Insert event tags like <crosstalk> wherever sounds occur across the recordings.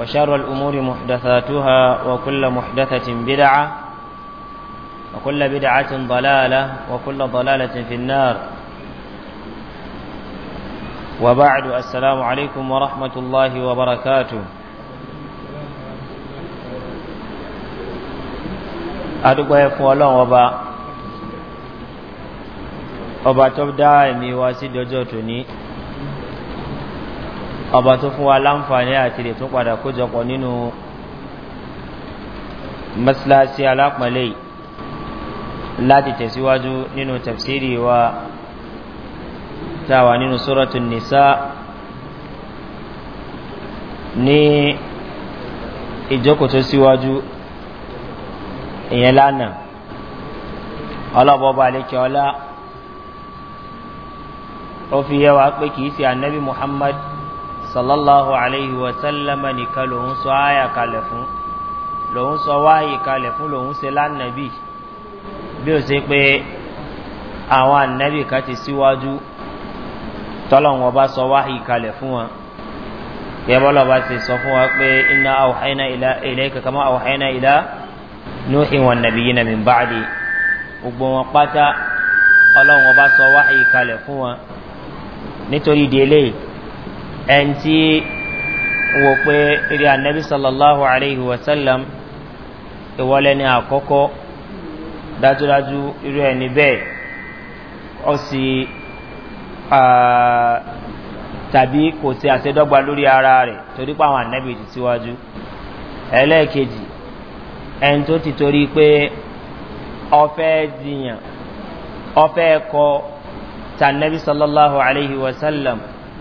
وشر الأمور محدثاتها وكل محدثة بدعة وكل بدعة ضلالة وكل ضلالة في النار وبعد السلام عليكم ورحمة الله وبركاته أدقوا يفو الله وبا وبا تبدأ dá ẹ̀mí ọba tó fún wa láǹfààní àti lè tún padà kójọpọ̀ nínú masilasi alápọ̀lẹ́ láti tẹ̀síwájú nínú tafsiri wa táwa nínú sọ́rọ̀tù nìsá ní ìjókòó tó síwájú ìyẹn lánàá ọlọ́bọ̀ọ́bà lẹ́kẹ̀ọ́lá ó fi yẹ wa pé kìí ṣe anabi muhammad sallallahu alayhi wa sallam nìkan lòun sọ àyà kalẹ̀ fún lòun sọ wáyé kalẹ̀ fún lòun ṣe lánàbí bí ó ṣe pé àwọn ànàbí kan ti síwájú tọ́lọ̀wọ́ bá sọ wáyé kalẹ̀ fún wọn yẹ́bọ́lọ̀ bá ti sọ fún wa pé iná àwòhánà ilẹ̀ kàkàmọ́ àwòhánà ilá nóhìn wọn nàbí yìí nàmì báàdì gbogbo wọn pátá ọlọ́wọ́ bá sọ wáyé kalẹ̀ fún wọn nítorí délé ẹn tí wò pé eré anabi sallallahu alayhi wa sallam ìwọlẹ̀ ní àkọ́kọ́ dájúdájú irú ẹni bẹ́ẹ̀ ọ sì tàbí kò sí àṣedọ́gba lórí ara rẹ̀ torí pé àwọn anabi ti síwájú ẹlẹ́ẹ̀kejì ẹni tó ti torí pé ọfẹ́ dìyàn ọfẹ́ kọ tànàbí sallallahu alayhi wa sallam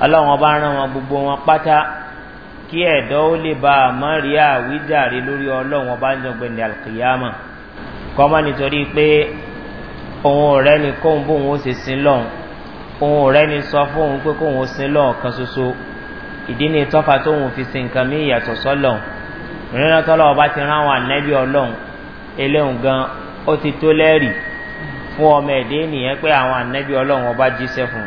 ọlọ́run ọba rán wọn gbogbo wọn pátá kí ẹ̀dọ́ ó lè bá a mọ́ rí àwíjàre lórí ọlọ́run ọba ń jọgbẹ́ ní alkiyama kọ́mọ́ nítorí pé òun ọ̀rẹ́ ni kóun bóun ó ṣe sin lọ́hùn òun ọ̀rẹ́ ni sọ fóun pé kóun ó sin lọ́hùn kan ṣoṣo ìdí ni tọ́fà tóun fi sin nǹkan mí ìyàtọ̀ sọ́lọ̀ ìrìnà tọ́lọ́ ọba ti rán àwọn ànẹ́bí ọlọ́run eléhùn gan ó ti tó lẹ́rìí fún ọmọ ẹ̀dẹ́ ènìyàn pé àwọn ànẹ́bí ọlọ́run ọba jíṣẹ́ fún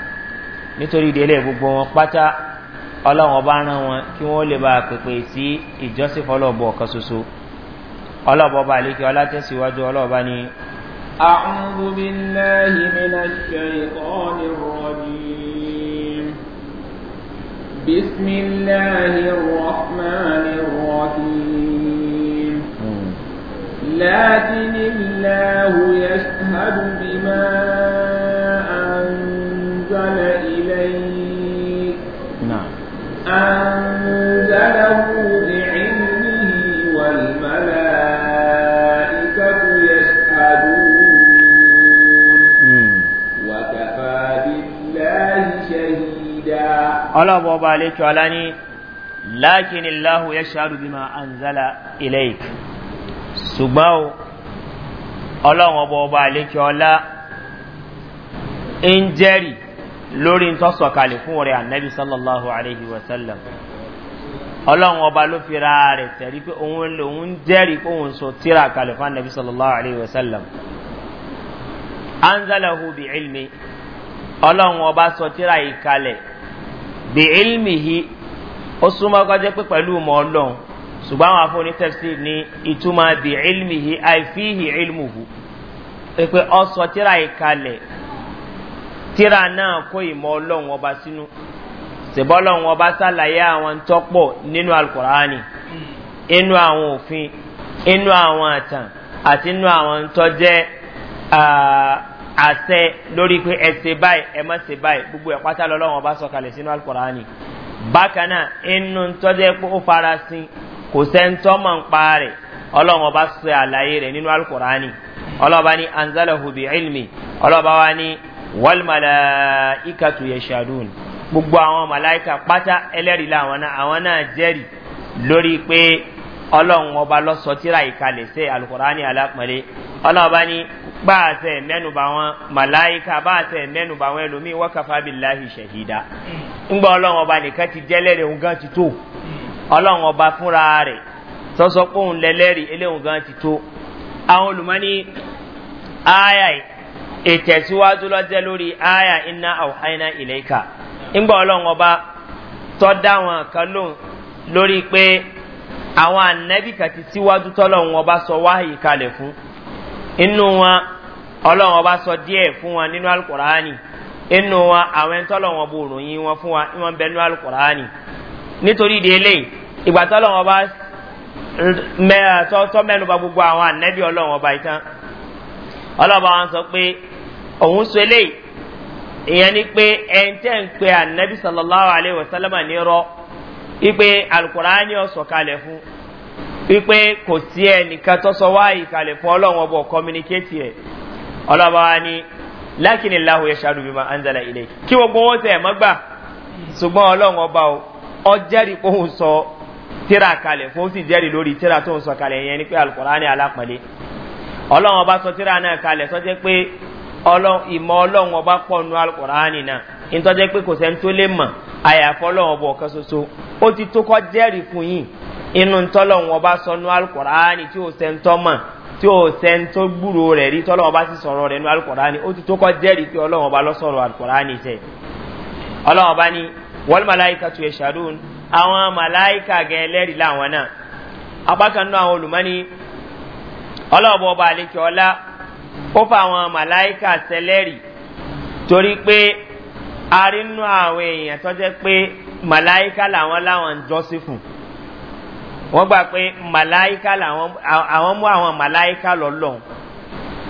nítorí ìdílé gbogbo wọn pátá ọlọ́run ọba rán wọn kí wọ́n lè bá pèpè sí ìjọsìn fọlọ́ọ̀bù ọ̀kan ṣoṣo ọlọ́ọ̀bù ọba àlékè ọlátẹ̀síwájú ọlọ́ọ̀bá ni. أعوذ بالله من الشيطان الرجيم بسم الله الرحمن الرحيم لكن الله يشهد بما أنزل أنزله بعلمه والملائكة يشهدون وكفى بالله شهيدا ألا بابا عليك ولاني لكن الله يشهد بما أنزل إليك سباو ألا بابا عليك ولا إن جري lórí ntọ́sọ̀ kalẹ̀ fún ọ̀rẹ́ anabi sallallahu alayhi wa sallam ọlọ́run ọba ló fi ra rẹ̀ tẹ̀rí pé òun lòun jẹ́rìí pé òun sọ tíra kalẹ̀ fún anabi sallallahu alayhi wa sallam anzalahu bi ilmi ọlọ́run ọba sọ tíra yìí kalẹ̀ bi ilmi hi ó súnmọ́ kọjá pé pẹ̀lú mọ́ ọlọ́run ṣùgbọ́n àwọn afọ́ onítẹ̀sí ní ìtumọ̀ bi ilmi hi àìfíhì ilmuhu pé ọ sọ tíra yìí kalẹ̀ tíra náà kó ìmọ̀ ọlọ́run ọba sínú ṣèbọ́ ọlọ́run ọba ṣàlàyé àwọn tọ́pọ̀ nínú alukur'ani inú àwọn òfin inú àwọn àtàn àti inú àwọn tọ́jẹ́ àṣẹ lórí pé ẹ ṣe báyìí ẹ má ṣe báyìí gbogbo ẹ̀ pátá lọ́lọ́run ọba sọ̀kalẹ̀ sínú alukur'ani bákan náà inú tọ́jẹ́ pé ó farasin kò sẹ́ńtọ́ mọ̀ ń pa rẹ̀ ọlọ́run ọba ṣe àlàyé rẹ̀ nínú alukur'ani ọlọ́ba ní anzalahu bi ilmi ọlọ́ba wa ní wal malaika tu yẹ ṣàdùn gbogbo àwọn malaika pátá ẹlẹ́rìí làwọn náà àwọn náà jẹ́rìí lórí pé ọlọ́run ọba lọ́sọ tíra ìkalẹ̀ sí alukurani alápẹ̀lẹ́ ọlọ́run ọba ní bá a sẹ̀ mẹ́nuba wọn malaika bá a sẹ̀ mẹ́nuba wọn ẹlòmíín wọ́n kàfá bí láhi ṣẹ̀hídà ńgbà ọlọ́run ọba nìkan ti jẹ́lẹ́rìí òun gan ti tó ọlọ́run fúnra rẹ̀ sọ́sọ́ pé òun lẹ́lẹ́rìí gan ti tó àwọn olùmọ́ni ááyà yìí ìtẹ̀síwájú lọ́jẹ́ lórí aya iná àwòháiná ìlẹ́ka ńgbà ọlọ́run ọba tọ́ dá kan lóhùn lórí pé àwọn ànábì kan síwájú tọ́lọ́run ọba sọ wáhàyè kalẹ̀ fún inú wọn ọlọ́run ọba sọ díẹ̀ fún wọn nínú alukur'ani inú wọn àwọn tọ́lọ́run ọba òròyìn wọn fún wa wọn bẹ nínú alukur'ani nítorí délé ìgbà ọba tọ́ gbogbo àwọn ànábì ọlọ́run ọba ìtàn òun sọ eléyìí ìyẹn ni pé ẹ̀ńtẹ́ ń pe anabi sallallahu alayhi wa sallam nírọ̀ ipe alukur'ani ọ̀sọ̀ kalẹ̀ fún ipe kò sí ẹnìkan tó sọ wáyé fún wa ni lákìní láhùn yẹn ṣáàdùbí máa ń zala ilé kí gbogbo wọn tẹ̀ mọ́ gbà ọba o ọ jẹ́rìí kó ń sọ tíra kalẹ̀ fún ó sì jẹ́rìí lórí tíra tó ń sọ kalẹ̀ yẹn ni sọ tíra náà ìmọ̀ ọlọ́run ọba pọ̀ nu alukọ̀ránì náà nítorí pé kò sẹ́ni tó lè mọ̀ àyàfọ́ ọlọ́run ọba ọ̀kan ṣoṣo ó ti tó kọ́ jẹ́rìí fún yìí inú ntọ́lọ́run ọba sọ nu alukọ̀ránì tí ò sẹ́ni tọ́ mọ̀ tí ò sẹ́ni tó gbúrò rẹ̀ rí tọ́lọ́run ọba sì sọ̀rọ̀ rẹ̀ nu alukọ̀ránì ó ti tó kọ́ jẹ́rìí pé ọlọ́run ọba lọ́sọ̀rọ̀ alukọ̀ránì tẹ̀ ọlọ́run ọba tu ẹ̀ṣàdún àwọn màláìka gẹ̀ẹ́lẹ́rìí làwọn náà apákan náà àwọn olùmọ́ni ọlọ́ọ̀bọ̀ ọba ó fa àwọn màláìkà sẹlẹ́rì torí pé a rí nínú àwọn èèyàn tó jẹ́ pé màláìkà làwọn láwọn ń jọ́sí fún wọ́n gbà pé màláìkà làwọn àwọn mú àwọn màláìkà lọ́lọ́hún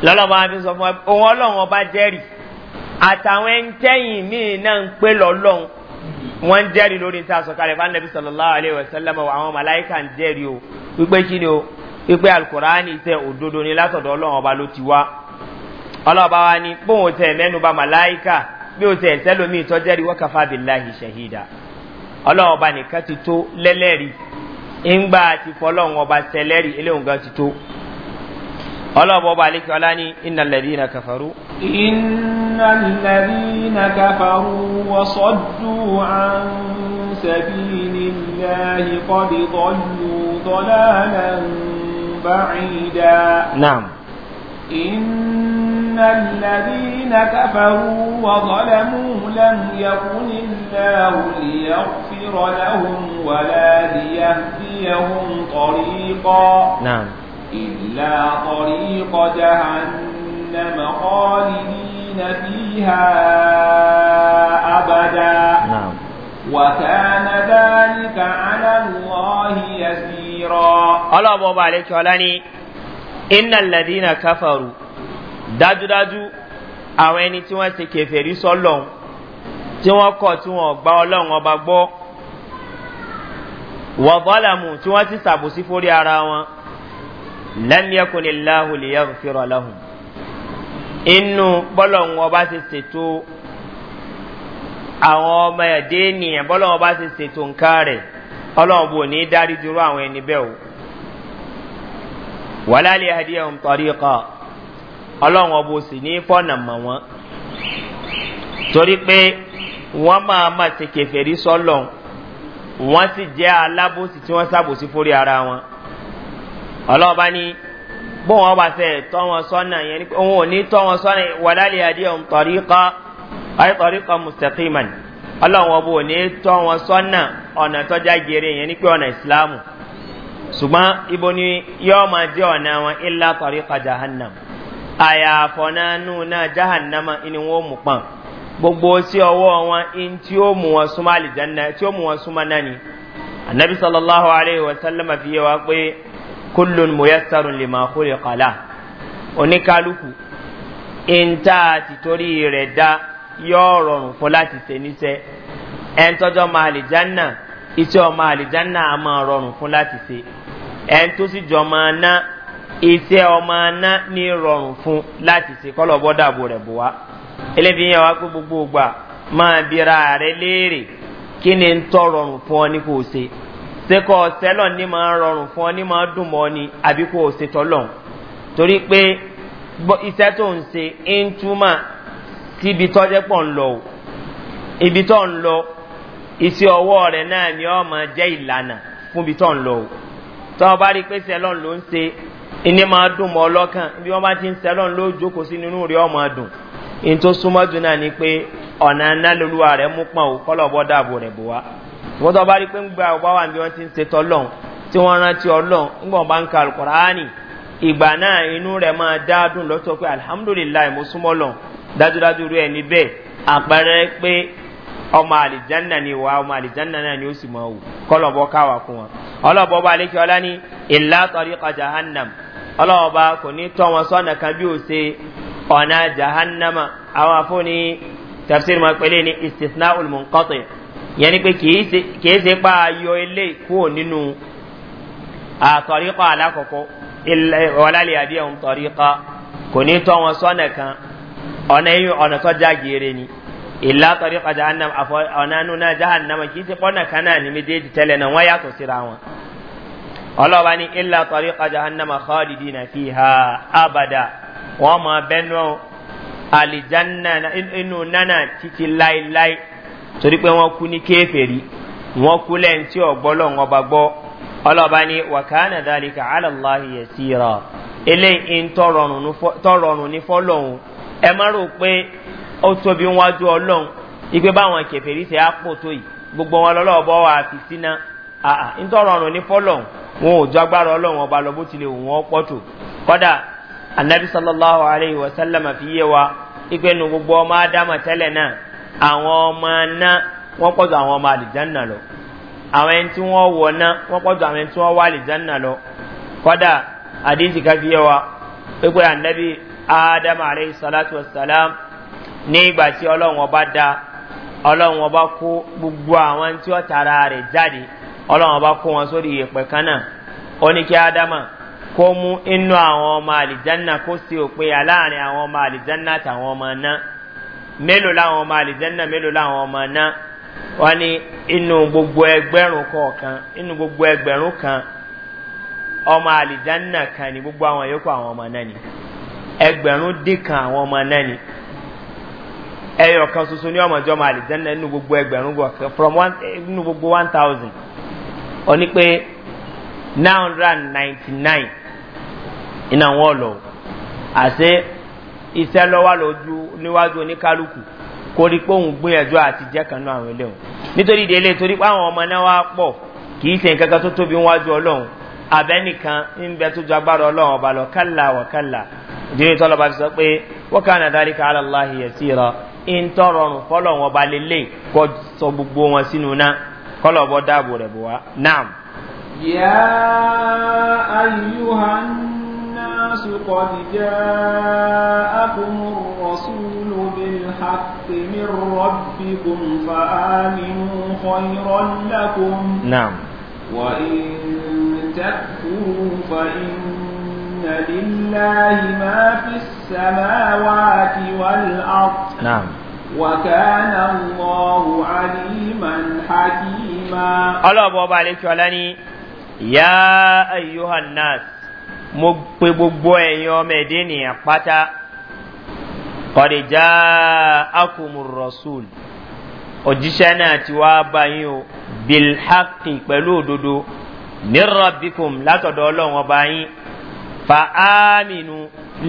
lọ́lọ́ba wọn fi sọ fún wa òun ọlọ́run ọba jẹ́rì àtàwọn ẹ̀ńtẹ́yìn míì náà ń pé lọ́lọ́hún wọ́n ń jẹ́rì lórí níta sọ̀kalẹ̀ fún anabi sallallahu alayhi wa sallam àwọn màláìkà ń jẹ́rì o wípé kí ni o ipe alukur'ani tẹ òdodo ni látọ̀dọ̀ ọlọ́run ọba ló ti wá ọlọ́run ọba wa ni bóun tẹ mẹ́nu ba màláìka bí o tẹ ẹ̀sẹ́lómi ìtọ́jẹ́rí wọ́kàfà bíláhì ṣẹ̀hídà ọlọ́run ọba nìkan ti tó lẹ́lẹ́rìí ńgbà àti fọlọ́run ọba sẹlẹ́rìí eléhùn gan ti tó ọlọ́run ọba àlekí ọlá ní iná lẹ́rí iná kàfàrú. iná lẹ́rí iná kàfàrú wọ́n sọ́dù àn sẹ́bí nílẹ̀ ìkọ́dí tọ́lù بعيدا نعم إن الذين كفروا وظلموا لم يكن الله ليغفر لهم ولا ليهديهم طريقا نعم إلا طريق جهنم خالدين فيها أبدا نعم وكان ذلك على الله يسير نصيرا الله أبو عليك ولاني إن الذين كفروا داجو داجو àwọn ẹni tí wọ́n ṣe kẹfẹ́rí sọ́lọ́hún tí wọ́n kọ̀ tí wọ́n gba ọlọ́run ọba gbọ́ wọ̀bọ́làmù tí wọ́n ti ṣàbòsí fórí ara wọn lẹ́mìẹ́kùnrin láhùn lè yẹ̀rù fìrọ̀ lọ́hùn. inú bọ́lọ̀hún ọba ti ṣètò àwọn ọmọ ẹ̀dẹ́ ènìyàn bọ́lọ̀hún ọba ti ṣètò nǹkan rẹ̀ ọlọ́run bò ní dárí dúró àwọn ẹni bẹ́ẹ̀ o wàlálẹ̀ adìyẹ ń tọ́rí kọ́ ọlọ́run ọbọ̀ sì ní fọ́nà mọ̀ wọ́n torí pé wọ́n máa ma ṣe kẹfẹ́rí sọ́lọ̀ wọ́n sì jẹ́ alábòsí tí wọ́n sábòsí fórí ara wọn ọlọ́run bá ní bó wọn bá fẹ́ tọ́ wọn sọ́nà yẹn ni òun ò ní tọ́ wọn sọ́nà wàlálẹ̀ adìyẹ ń tọ́rí kọ́ ayé tọ́rí kọ́ mùsítẹ́kìmọ̀ ọlọ́run ọbọ̀ ò ní tọ́ wọn sọ́nà ọ̀nà tọ́já gèrè yẹn ní pé ọ̀nà ìsìláàmù ṣùgbọ́n ibo ni yọ́ máa jẹ́ ọ̀nà wọn ilá tọ̀rí ka jahannam àyàfọ̀ náà nù náà jahannama ni wọ́n mú pọ̀n gbogbo sí ọwọ́ wọn in tí ó mú wọn súnmọ́ àlìjáná tí ó mú wọn súnmọ́ náà ni anabi sallallahu alayhi wa sallam fi yẹ wa pé kullun muyasarun lè máa kúrè oníkálukú in tá a ti torí rẹ̀ dá yọ rọrùn fún láti ṣe níṣẹ́ ẹ̀ tọ́jọ́ máa àlìjáná náà iṣẹ́ ọmọ àlìjáná a máa rọrùn fún láti ṣe ẹni tó sì jọ máa ná iṣẹ́ ọmọ aná ní rọrùn fún láti ṣe kọ́lọ̀ bọ́dà bo rẹ̀ bò wá elébi yẹn wá pé gbogbo ògbà máa bira rẹ léèrè kí ni ń tọ́ rọrùn fún ọ ní kò ṣe ṣé kò sẹ́lọ̀ ní máa rọrùn fún ọ ní máa dùn mọ́ ni àbí kò ṣe tọ́lọ̀hún torí pé iṣẹ́ tó ń ṣe ń túmọ̀ síbi tọ́jẹ́ ń lọ ibi ń lọ isi ọwọ́ rẹ̀ náà ni ọ máa jẹ́ ìlànà o tọ́ ọ bá rí pé sẹ́lọ̀n ló ń ṣe iní máa bí wọ́n bá ti ń sẹ́lọ̀n ló jókòó sí nínú rẹ̀ ọ máa dùn in tó súnmọ́ jù náà ni pé ọ̀nà iná rẹ̀ mú pọ̀n o kọ́lọ̀ bọ́ dáàbò ti ń ṣe tọ́lọ́n tí wọ́n rántí ọlọ́n ńgbọ̀n bá ń ka ìgbà náà inú rẹ̀ máa dá dùn pé ọmọ àlìjánà ni wà ọmọ àlìjánà náà ni ó sì máa wù kọlọ̀bọ káwà fún wọn ọlọ́bọ bá lékè ọlá ní ìlà tọ́ríkọ jahannam ọlọ́ọ̀bá kò ní tọ́ wọn sọ́nà kan bí ó ṣe ọ̀nà jahannama àwọn afúnni tafsir máa pẹ̀lẹ́ ní istisna ulmunkọ́tì yẹn ni pé kìí ṣe pa ayọ ilé kúrò nínú àtọ̀ríkọ alákọ̀ọ́kọ́ ọ̀làlẹ̀ àbí ẹ̀hún kò ní tọ́ wọn sọ́nà kan ọ̀nà ìlà tọ́rí padà ànàm àfọ ọ̀nà nùnà jahannama kì í ti pọ́nà kánà ní méjèèjì tẹ́lẹ̀ náà wọ́n yàtọ̀ síra wọn. ọlọ́ba ní ìlà tọ́rí padà ànàmà kọ́ọ̀dìdì náà fi ha abada wọ́n mọ abẹ́nu àlìjánná inú nánà títí láéláé torí pé wọ́n kú ní kéfèrí wọ́n kú lẹ́yìn tí ọ̀gbọ́lọ̀ wọn bá gbọ́ ọlọ́ba ní wàkánà dálíkà alàláhi yẹsìrà eléyìí ń tọrọrùn ní fọlọ́hún ẹ má rò pé ó tóbi wájú ọlọ́run ipe báwọn kẹfẹ́rí ṣe á pò tó yìí gbogbo wọn lọ́lọ́ bọ́ wà fi síná àà nítorí ọ̀run ní fọ́lọ̀ wọn ò jọ agbára ọlọ́run ọba lọ bó tilẹ̀ òun wọn pọ̀ tó kọ́dà anabi sallallahu alayhi wa sallam fi yé wa ipe nu gbogbo ọmọ adama tẹ́lẹ̀ náà àwọn ọmọ ná wọ́n pọ̀ tó àwọn ọmọ àlìjánná lọ àwọn ẹni tí wọ́n wọ̀ ná wọ́n pọ̀ tó àwọn ẹni tí wọ́n wá àlìjánná lọ kọ́dà àdéhìí fi yé wa ipe anabi adam alayhi salatu wa salam ní ìgbà tí ọlọ́run ọba da ọlọ́run ọba kó gbogbo àwọn tí ó tara rẹ̀ jáde ọlọ́run ọba kó wọn sórí ìyẹ̀pẹ̀ kan náà ó ní kí ádámà kó mú inú àwọn ọmọ àlìjánná kó sí òpin aláàrin àwọn ọmọ àlìjánná àtàwọn ọmọ náà mélòó láwọn ọmọ àlìjánná mélòó láwọn ọmọ náà wọ́n ní inú gbogbo ẹgbẹ̀rún kọ̀ọ̀kan inú gbogbo ẹgbẹ̀rún kan ọmọ àlìjánná kan ní gbogbo àwọn yòókù àwọn ọmọ náà ni ẹgbẹ̀rún dín kan àwọn ọmọ náà ni. ẹyọ kan soso ní ọmọ ìjọba àlìjẹ́nà nínú gbogbo ẹgbẹ̀rún from one eh, gbogbo one thousand ó pé nine hundred and ninety nine iná wọn àṣẹ iṣẹ́ lọ́wọ́ lójú níwájú oníkálukú rí pé òun àti jẹ́ kan àwọn nítorí ìdílé torí pé àwọn ọmọ náà wá pọ̀ kì í ṣe nǹkan kan tó tóbi ọlọ́run abẹ́nìkan ọba lọ kálá kálá ìdílé tọ́lọ́ba ntɔrɔrùn fɔlɔ wọn ba lele kɔ sɔ gbogbo wọn sínú na kɔlɔ bɔ dáàbò rɛ bò wa naam. yà á yuhan náà sùkọ́ dìjà àkùnrin rọ̀ṣúlù bíi min rọ̀bìkùn fàánù xɔyìnrọ̀lákùn. naam. wà á tẹ̀kù fàánù. لله ما في السماوات والأرض نعم وكان الله عليما حكيما الله أبو عليك ولاني يا أيها الناس mo pe gbogbo ẹ̀yin ọmọ ẹ̀dẹ́ nìyẹn pátá kọ̀dìjà akumurrasul òjíṣẹ́ náà ti wá bá yín o bilhaki pẹ̀lú òdodo ní rọ̀bìkùm látọ̀dọ̀ ọlọ́run ọba yín fa ámìnú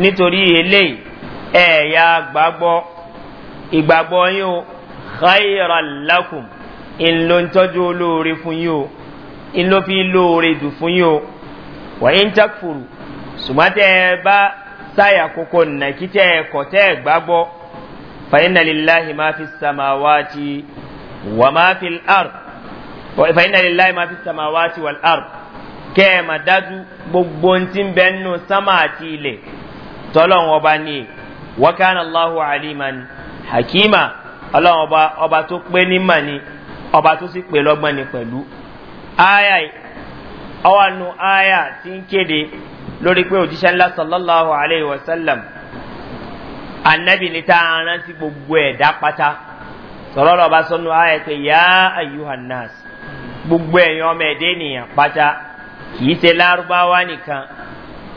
nítorí eléyìí ẹ̀yà gbàgbọ́ ìgbàgbọ́ yín o xayiralakum ìlò ntọ́jú olóore fún yín o ìlò fi lóore dù fún yín o wàyí ń takfuru sùmọ́tẹ́ bá sáyà kókó nàkítẹ́ kọ́tẹ́ gbàgbọ́ fàyínà lillahi máa fi sàmáwáti wà máa fi lard fàyínà lillahi máa fi sàmáwáti wà lard kẹ́ẹ̀mà dájú gbogbo ti ń bẹ nínú sámà àti ilẹ̀ tọ́lọ̀ wọn bá ní wákàna allahu alimani hakima ọlọ́run ọba tó pé ní mà ní ọba tó sì pé lọ́gbọ́n ní pẹ̀lú aya ọwọ́nu aya ti ń kéde lórí pé òjíṣẹ́ ńlá sallallahu alayhi wa sallam annabi ni ta rántí gbogbo ẹ̀dá pátá sọ̀rọ̀ lọ́ba sọ́nu aya pé yá ayuhannas gbogbo ẹ̀yàn ọmọ ẹ̀dẹ́ nìyàn pátá kìí ṣe lárúbáwá nìkan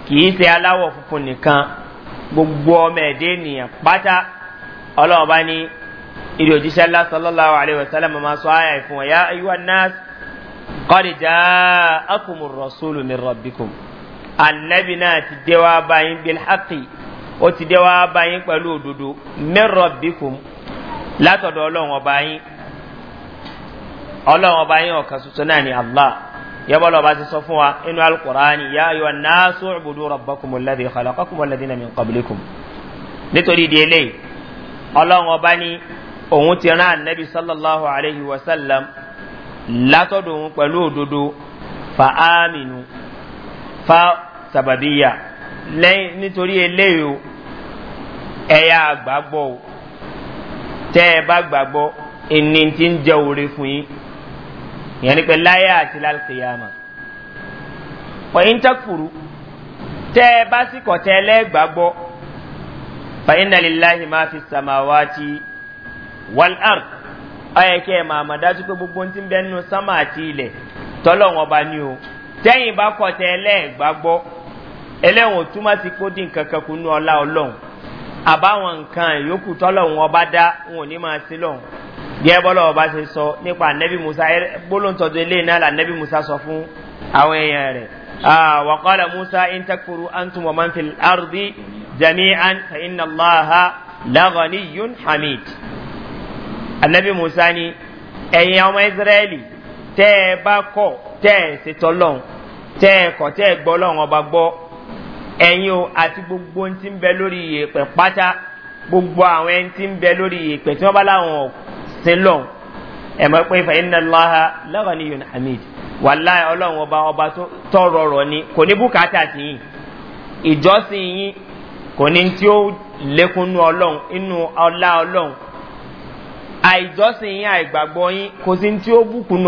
kìí ṣe aláwọ̀ funfun nìkan gbogbo ọmọ ẹ̀dẹ́ ènìyàn pátá ọlọ́ọ̀bá ní ìdí òjíṣẹ́ ńlá sọlọ́láwà àlẹ́wọ̀ sálẹ̀ màmá sọ àyà ìfún ọ̀yá ayúwa náà kọ́ni já akumu rasulu mi rọ̀bìkùn alẹ́bi náà ti dé wá báyìí bilhaki ó ti dé wá báyìí pẹ̀lú òdodo mi rọ̀bìkùn látọ̀dọ̀ ọlọ́wọ̀n báyìí ọlọ́wọ̀n báyìí ọ̀kan tuntun náà ni allah yabọ́lọ̀ bá ti sọ fún wa inú alkùránì ya yọ náà sóòbùdó rọ̀bọ́kùnmù lẹ́dí ìkọlọ̀kọ́kùnmù lẹ́dí na mi kọ̀bùlíkùn nítorí di eléyìí ọlọ́run ọba ní òun ti rán ànẹ́bí sallallahu alayhi wa sallam látọ̀dọ̀ òun pẹ̀lú òdodo fa ámìnú fa sàbàbíyà nítorí eléyìí ẹ̀yà àgbàgbọ́ tẹ́ ẹ bá gbàgbọ́ ìní ti ń jẹ́ òre fún yín ìyẹn ni pé láyé àti lálùkìyàmà ọ̀yìn tẹ́kùrú tẹ́ ẹ bá sì kọ̀ tẹ́ lẹ́gbàgbọ́ fàyínà líláhi máa fi sàmàwátì wàlárk ọ̀yẹ̀ kí ẹ máa mọ̀ dájú pé gbogbo ti ń bẹ́ nínú sámà àti ilẹ̀ tọ́lọ̀ wọn bá ní o tẹ́yìn bá kọ̀ tẹ́ lẹ́gbàgbọ́ ẹlẹ́wọ̀n túmọ̀ sí kó dín kankan kú ní ọlá àbáwọn nǹkan yòókù tọ́lọ̀ wọn bá dá wọn ò ní máa sí lọ́hùn gẹ́gẹ́ bọ́lá ọba ṣe sọ nípa anabi musa gbólóńtọ́jú eléyìí náà lànàbí musa sọ fún àwọn èèyàn rẹ̀ wàkọ́lá musa intakuru antum wa man fil ardi jami'an fa inna allaha lagani yun hamid anabi musa ni ẹ̀yin ọmọ israẹli tẹ́ ẹ bá kọ̀ tẹ́ ẹ ṣètọ́ lọ́hùn tẹ́ ẹ kọ̀ tẹ́ ẹ gbọ́ lọ́hùn ọba gbọ́. ẹ̀yin o àti gbogbo ohun tí ń bẹ lórí gbogbo àwọn ẹni tí ń bẹ lórí ìyèpẹ̀ tí wọ́n bá láwọn ṣe lọ́n ẹ̀ pé ìfẹ̀ iná láha lọ́rọ̀ ní yun hamid ọba ọba tó rọrọ̀ ni kò ní bùkátà sí yìí ìjọsìn yìí kò ní tí ó lékún nú ọlọ́run inú ọlá ọlọ́run àìjọsìn yín àìgbàgbọ́ yín kò sí tí ó bùkún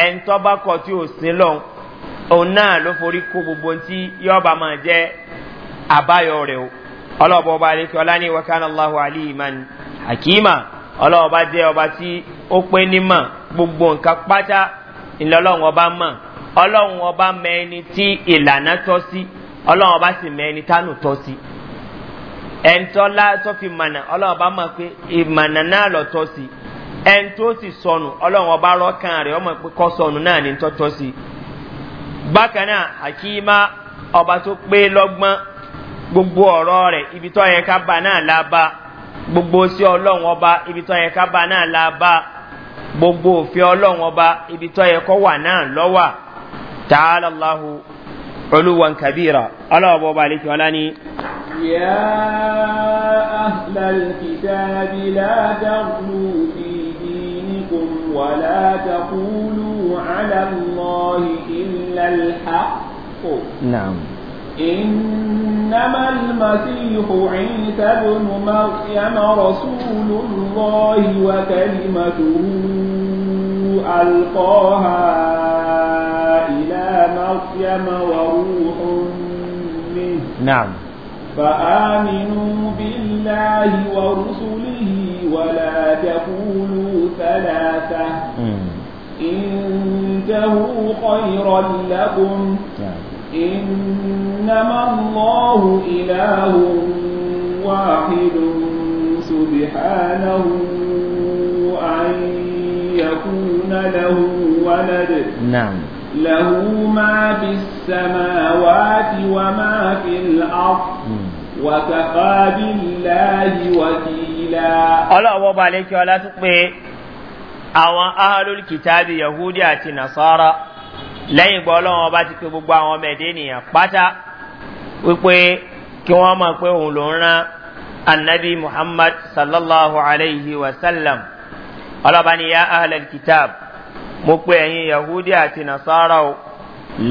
ẹ̀ńtọ́bákọ̀ tí ò sí lọ́hùn òun náà ló forí kó gbogbo tí yọba máa jẹ́ àbáyọ rẹ̀ o ọlọ́ọ̀bọ ọba àlekí ọlá ní wakana allahu alayhi man hakima ọlọ́ọ̀bá jẹ́ ọba tí ó pé nímọ̀ gbogbo nǹkan pátá ìlọ́lọ́hùn ọba mọ̀ ọlọ́hùn ọba mẹ́ni tí ìlànà tọ́ sí ọlọ́hùn ọba sì mẹ́ni tánù tọ́ sí ẹ̀ńtọ́lá tó fi mànà ọlọ́ọ̀bá mọ̀ pé ìmànà náà lọ tọ́ sí ẹn tó sì sọnù ọlọ́run ọba rọ́kàn rẹ̀ ọmọ pé kọ́ sọnù náà ní tọ́tọ́ sí bákan náà hakima ọba tó pé lọ́gbọ́n gbogbo ọ̀rọ̀ rẹ̀ ibi tó yẹ ká ba náà la ba gbogbo sí ọlọ́run ọba ibi tó yẹ ká ba náà la ba gbogbo òfin ọlọ́run ọba ibi tó yẹ kọ́ wà náà lọ́wà tààlà láhu olúwa kabira ọlọ́run ọba àlekí ọlá ni. يا أهل الكتاب لا تغلوا في أَيْدِيكُمْ وَلَا تَقُولُوا عَلَى اللَّهِ إِلَّا الْحَقَّ نعم إنما المسيح عيسى بن مريم رسول الله وكلمته ألقاها إلى مريم وروح منه نعم فآمنوا بالله ورسله ولا تقولوا ثلاثة انتهوا خيرا لكم نعم. إنما الله إله واحد سبحانه أن يكون له ولد نعم له ما في السماوات وما في الأرض ọlọ́wọ́ bá lè kí ọlá tó pé àwọn ahalul kitabi yahudi àti nasara lẹ́yìn gbọ́ ọlọ́wọ́ bá ti pé gbogbo àwọn ọmọ ẹ̀dẹ́ ènìyàn pátá wípé kí wọ́n mọ̀ pé òun ló ń rán annabi muhammad sallallahu alayhi wa sallam ọlọ́ba ni ya ahalul kitab mo pé ẹ̀yin yahudi àti nasara o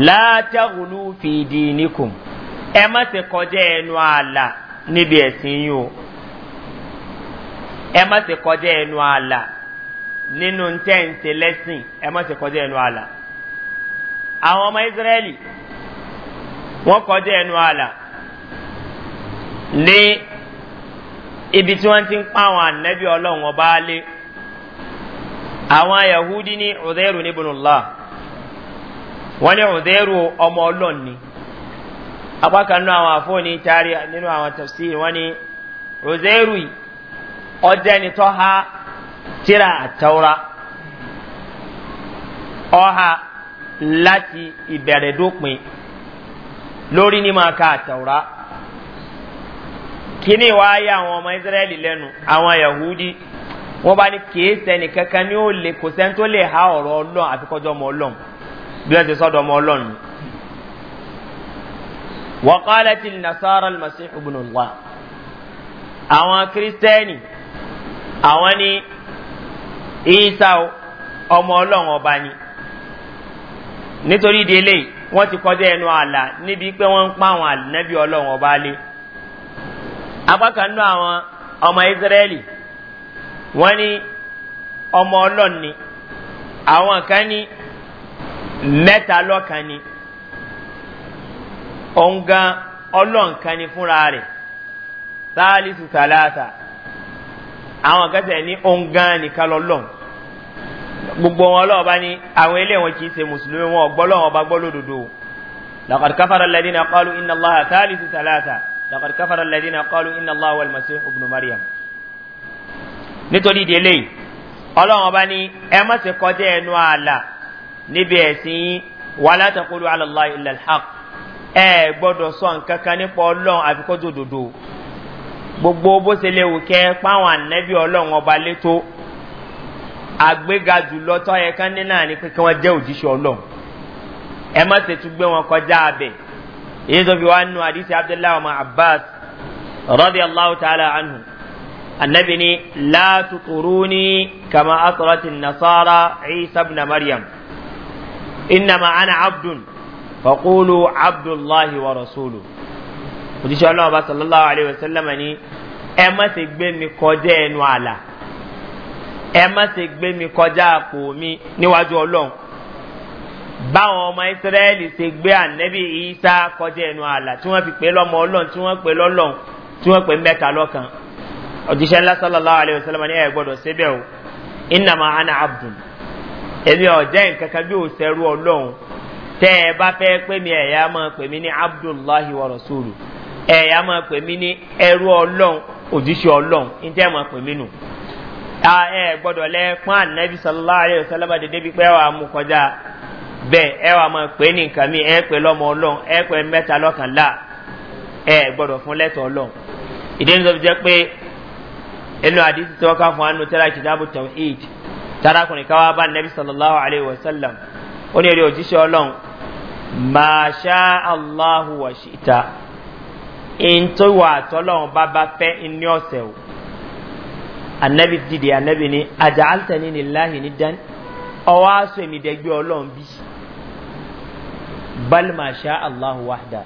látàgùlù fìdí nìkùn ẹ má se kọjá ẹnu ààlà níbi ẹ̀sìn yìí o ẹ má se kọjá ẹnu ààlà nínú ntẹ́ǹsẹ̀ lẹ́sìn ẹ má se kọjá ẹnu ààlà àwọn ọmọ israẹli wọn kọjá ẹnu ààlà ní ibi tí wọn ti ń pa àwọn ànábì ọlọ́run ọba lé àwọn yahudi ní ọ̀dẹ́rù níbùnúlá wọn ní ọ̀dẹ́rù ọmọ ọlọ́run ni apákan nínú àwọn àfọ́ ní tari nínú àwọn tafsir wọn ni roseru ọdẹ ni tọ́ha tíra àtàwọ́ra ọha láti ìbẹ̀rẹ̀ dópin lórí ní máa ka àtàwọ́ra kíní wàá yà àwọn ọmọ israẹli lẹ́nu àwọn yahudi wọ́n bá ní kìí sẹ́ni kankan ní ó lè kò sẹ́ni tó lè ha ọ̀rọ̀ ọlọ́run àfikọ́jọ́ ọmọ ọlọ́run bí wọ́n ti sọ́dọ̀ ọmọ ọlọ́run وقالت النصارى المسيح ابن الله أو kristẹni àwọn ni isa ọmọ ọlọ́run ọba ni nítorí délé wọ́n ti kọjá ẹnu àlà níbi pé wọ́n ń pa àwọn ànábì ọlọ́run ọba lé apákanú àwọn ọmọ israẹli wọ́n ní ọmọ ọlọ́run àwọn kan ní mẹ́ta lọ́kan ni ọ̀ǹgan ọlọ́ǹkan ni fúnra rẹ̀ sáàlìsù tàlàtà àwọn kẹsẹ̀ ní ọ̀ǹgan nìkan lọ́lọ́n gbogbo wọn lọ́wọ́ bá ní àwọn ilé wọn kìí ṣe mùsùlùmí wọn ọgbọ́ lọ́wọ́ bá gbọ́ lódodo lọ́kọ̀d káfàrà lẹ́dínà kọlu iná láha sáàlìsù tàlàtà lọ́kọ̀d káfàrà lẹ́dínà kọlu iná láha wàlmàṣí ọgbùn mariam nítorí ìdílé ọlọ́wọ́ bá ní ẹ má ṣe kọjá ẹnu ààlà níbi ẹ̀sìn wàlátàkùlù alàlá ilẹ̀ alhaq ẹ gbọdọ̀ sọ nǹkan kan nípa ọlọ́run àfikọ́jọ́ òdòdó gbogbo bó ṣe lè wò kẹ́ páwọn ànẹ́bí ọlọ́run ọba létò àgbéga jùlọ tọ́ yẹ kán ní náà ni pé kí wọ́n jẹ́ òjíṣẹ́ ọlọ́run ẹ má ṣe tún gbé wọn kọjá abẹ èyí tó fi wá nù àdìsí abdullahi ọmọ abbas rọ́bì allahu ta'ala anhu annabi ni látukùrúni kama asọ́rọ́tì nasara isa bin maryam innama ana abdul fàkúlù abdullahi wa rasulu òjíṣẹ́ ọlọ́run bá sallallahu alayhi wa sallam ni ẹ má ti gbé mi kọjá ẹnu àlà ẹ má ti gbé mi kọjá àpò mi níwájú ọlọ́run báwọn ọmọ ìsírẹ́lì ṣe gbé ànẹ́bí ìsá kọjá ẹnu àlà tí wọ́n fi pè lọ́mọ ọlọ́run tí wọ́n pè lọ́lọ́run tí wọ́n pè mẹ́ta lọ́kan òjíṣẹ́ ńlá sallallahu alayhi wa ni ẹ gbọ́dọ̀ síbẹ̀ o ìnàmà ana abdul èmi ọ̀jẹ́ nǹkan bí òṣèrú ọlọ́run tẹ́ ẹ bá fẹ́ mi mí ma máa pè mí ní abdullahi wa rasulu ma máa pè mí ní ẹrú ọlọ́run òjíṣẹ́ ọlọ́run ní tẹ́ ẹ máa pè mí nù. ẹ gbọdọ lẹ pọ́n sallallahu alayhi wa sallam pé ẹ mú kọjá ẹ máa pè ní nǹkan mi ẹ pè ẹ pè ẹ gbọdọ fún ìdí pé inú àdìsí tí fún bá sallallahu alayhi wa sallam ma allahu wa ṣita ntọ́ wà tọ́lọ́wọ́n bá bá fẹ́ ní ọ̀sẹ̀ o anabi dìde anabi ni àjà altani ni láhi ní dání ọwọ́ aṣọ èmi dẹ́gbẹ́ ọlọ́run bí bal ma allahu wahda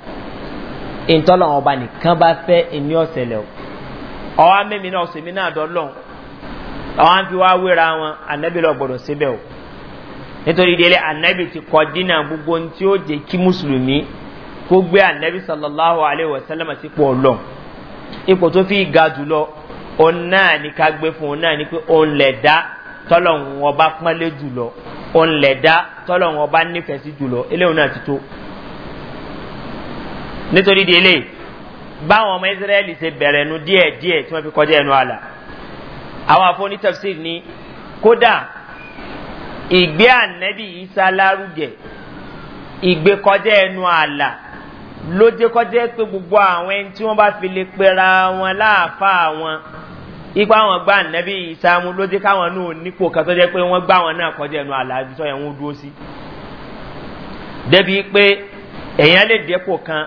ntọ́lọ́wọ́n bá nìkan bá fe ní ọ̀sẹ̀ lẹ̀ o ọwọ́ mẹ́mi náà ọ̀sẹ̀ mi náà dọ́lọ́run àwọn fi wá wéra wọn anabi lọ gbọ́dọ̀ síbẹ̀ o nítorí délé anabi ti kọ dínà gbogbo tí ó jẹ kí mùsùlùmí kó gbé anabi sallallahu alayhi wa sallam sí pọ̀ lọ ipò tó fi ga jùlọ òun náà ní ká gbé fún òun náà ní pé òun lẹ̀ dá tọ́lọ̀ wọn bá pọ́nlé jùlọ òun lẹ̀ dá tọ́lọ̀ wọn bá nífẹ̀ẹ́ sí jùlọ eléyìí náà ti tó nítorí délé báwọn ọmọ israẹli ṣe bẹ̀rẹ̀ nu díẹ̀ díẹ̀ tí wọ́n fi kọjá ẹnu àlà àwọn afọ́nitẹ́fsì ni kódà ìgbé ànẹ́bí isa lárugẹ ìgbé kọjá ẹnu àlà ló dé kọjá pé gbogbo àwọn ẹni tí wọ́n bá fi lè pera wọn láàfáà wọn ipa wọn gba ànẹ́bí isa mu ló dé káwọn náà nípò kan tó jẹ́ pé wọ́n gbá wọn náà kọjá ẹnu àlà àbí sọ́yẹ̀ wọn dúró sí. débi pé èèyàn lè dépò kan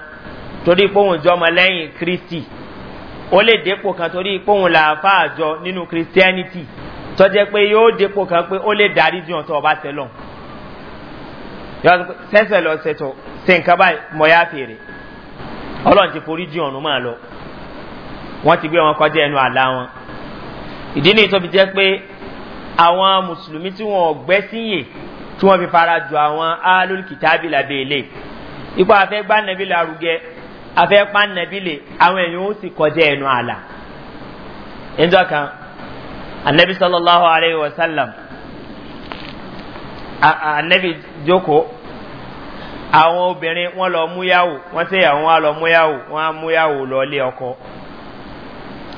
torí pòun jọmọ lẹ́yìn kristi ó lè dépò kan torí pòun làáfáà jọ nínú christianity tọ́jẹ́ pé yóò dépò kan pé ó lè darí ju ọ̀tọ̀ ọba tẹ́lọ̀ sẹ́sẹ̀ lọ sẹ́tọ̀ ṣe nǹkan báyìí mọ̀ yá fèrè ọlọ́run ti forí ju ọ̀run máa lọ wọ́n ti gbé wọn kọjá ẹnu àlá wọn ìdí nìyí tó fi jẹ́ pé àwọn mùsùlùmí tí wọn ò gbẹ́ síyè tí wọ́n fi fara ju àwọn alólùkìtàbí làbẹ́ ilé ipò àfẹ́ gbá làrúgẹ àfẹ́ pa lè àwọn èèyàn ó sì kọjá ẹnu àlà ẹnjọ́ kan annabi sallallahu alaihi wasallam annabi joko àwọn obìnrin wọn lọ múyàwó wọn sì yàwọn wọn lọ múyàwó wọn múyàwó lọlé ọkọ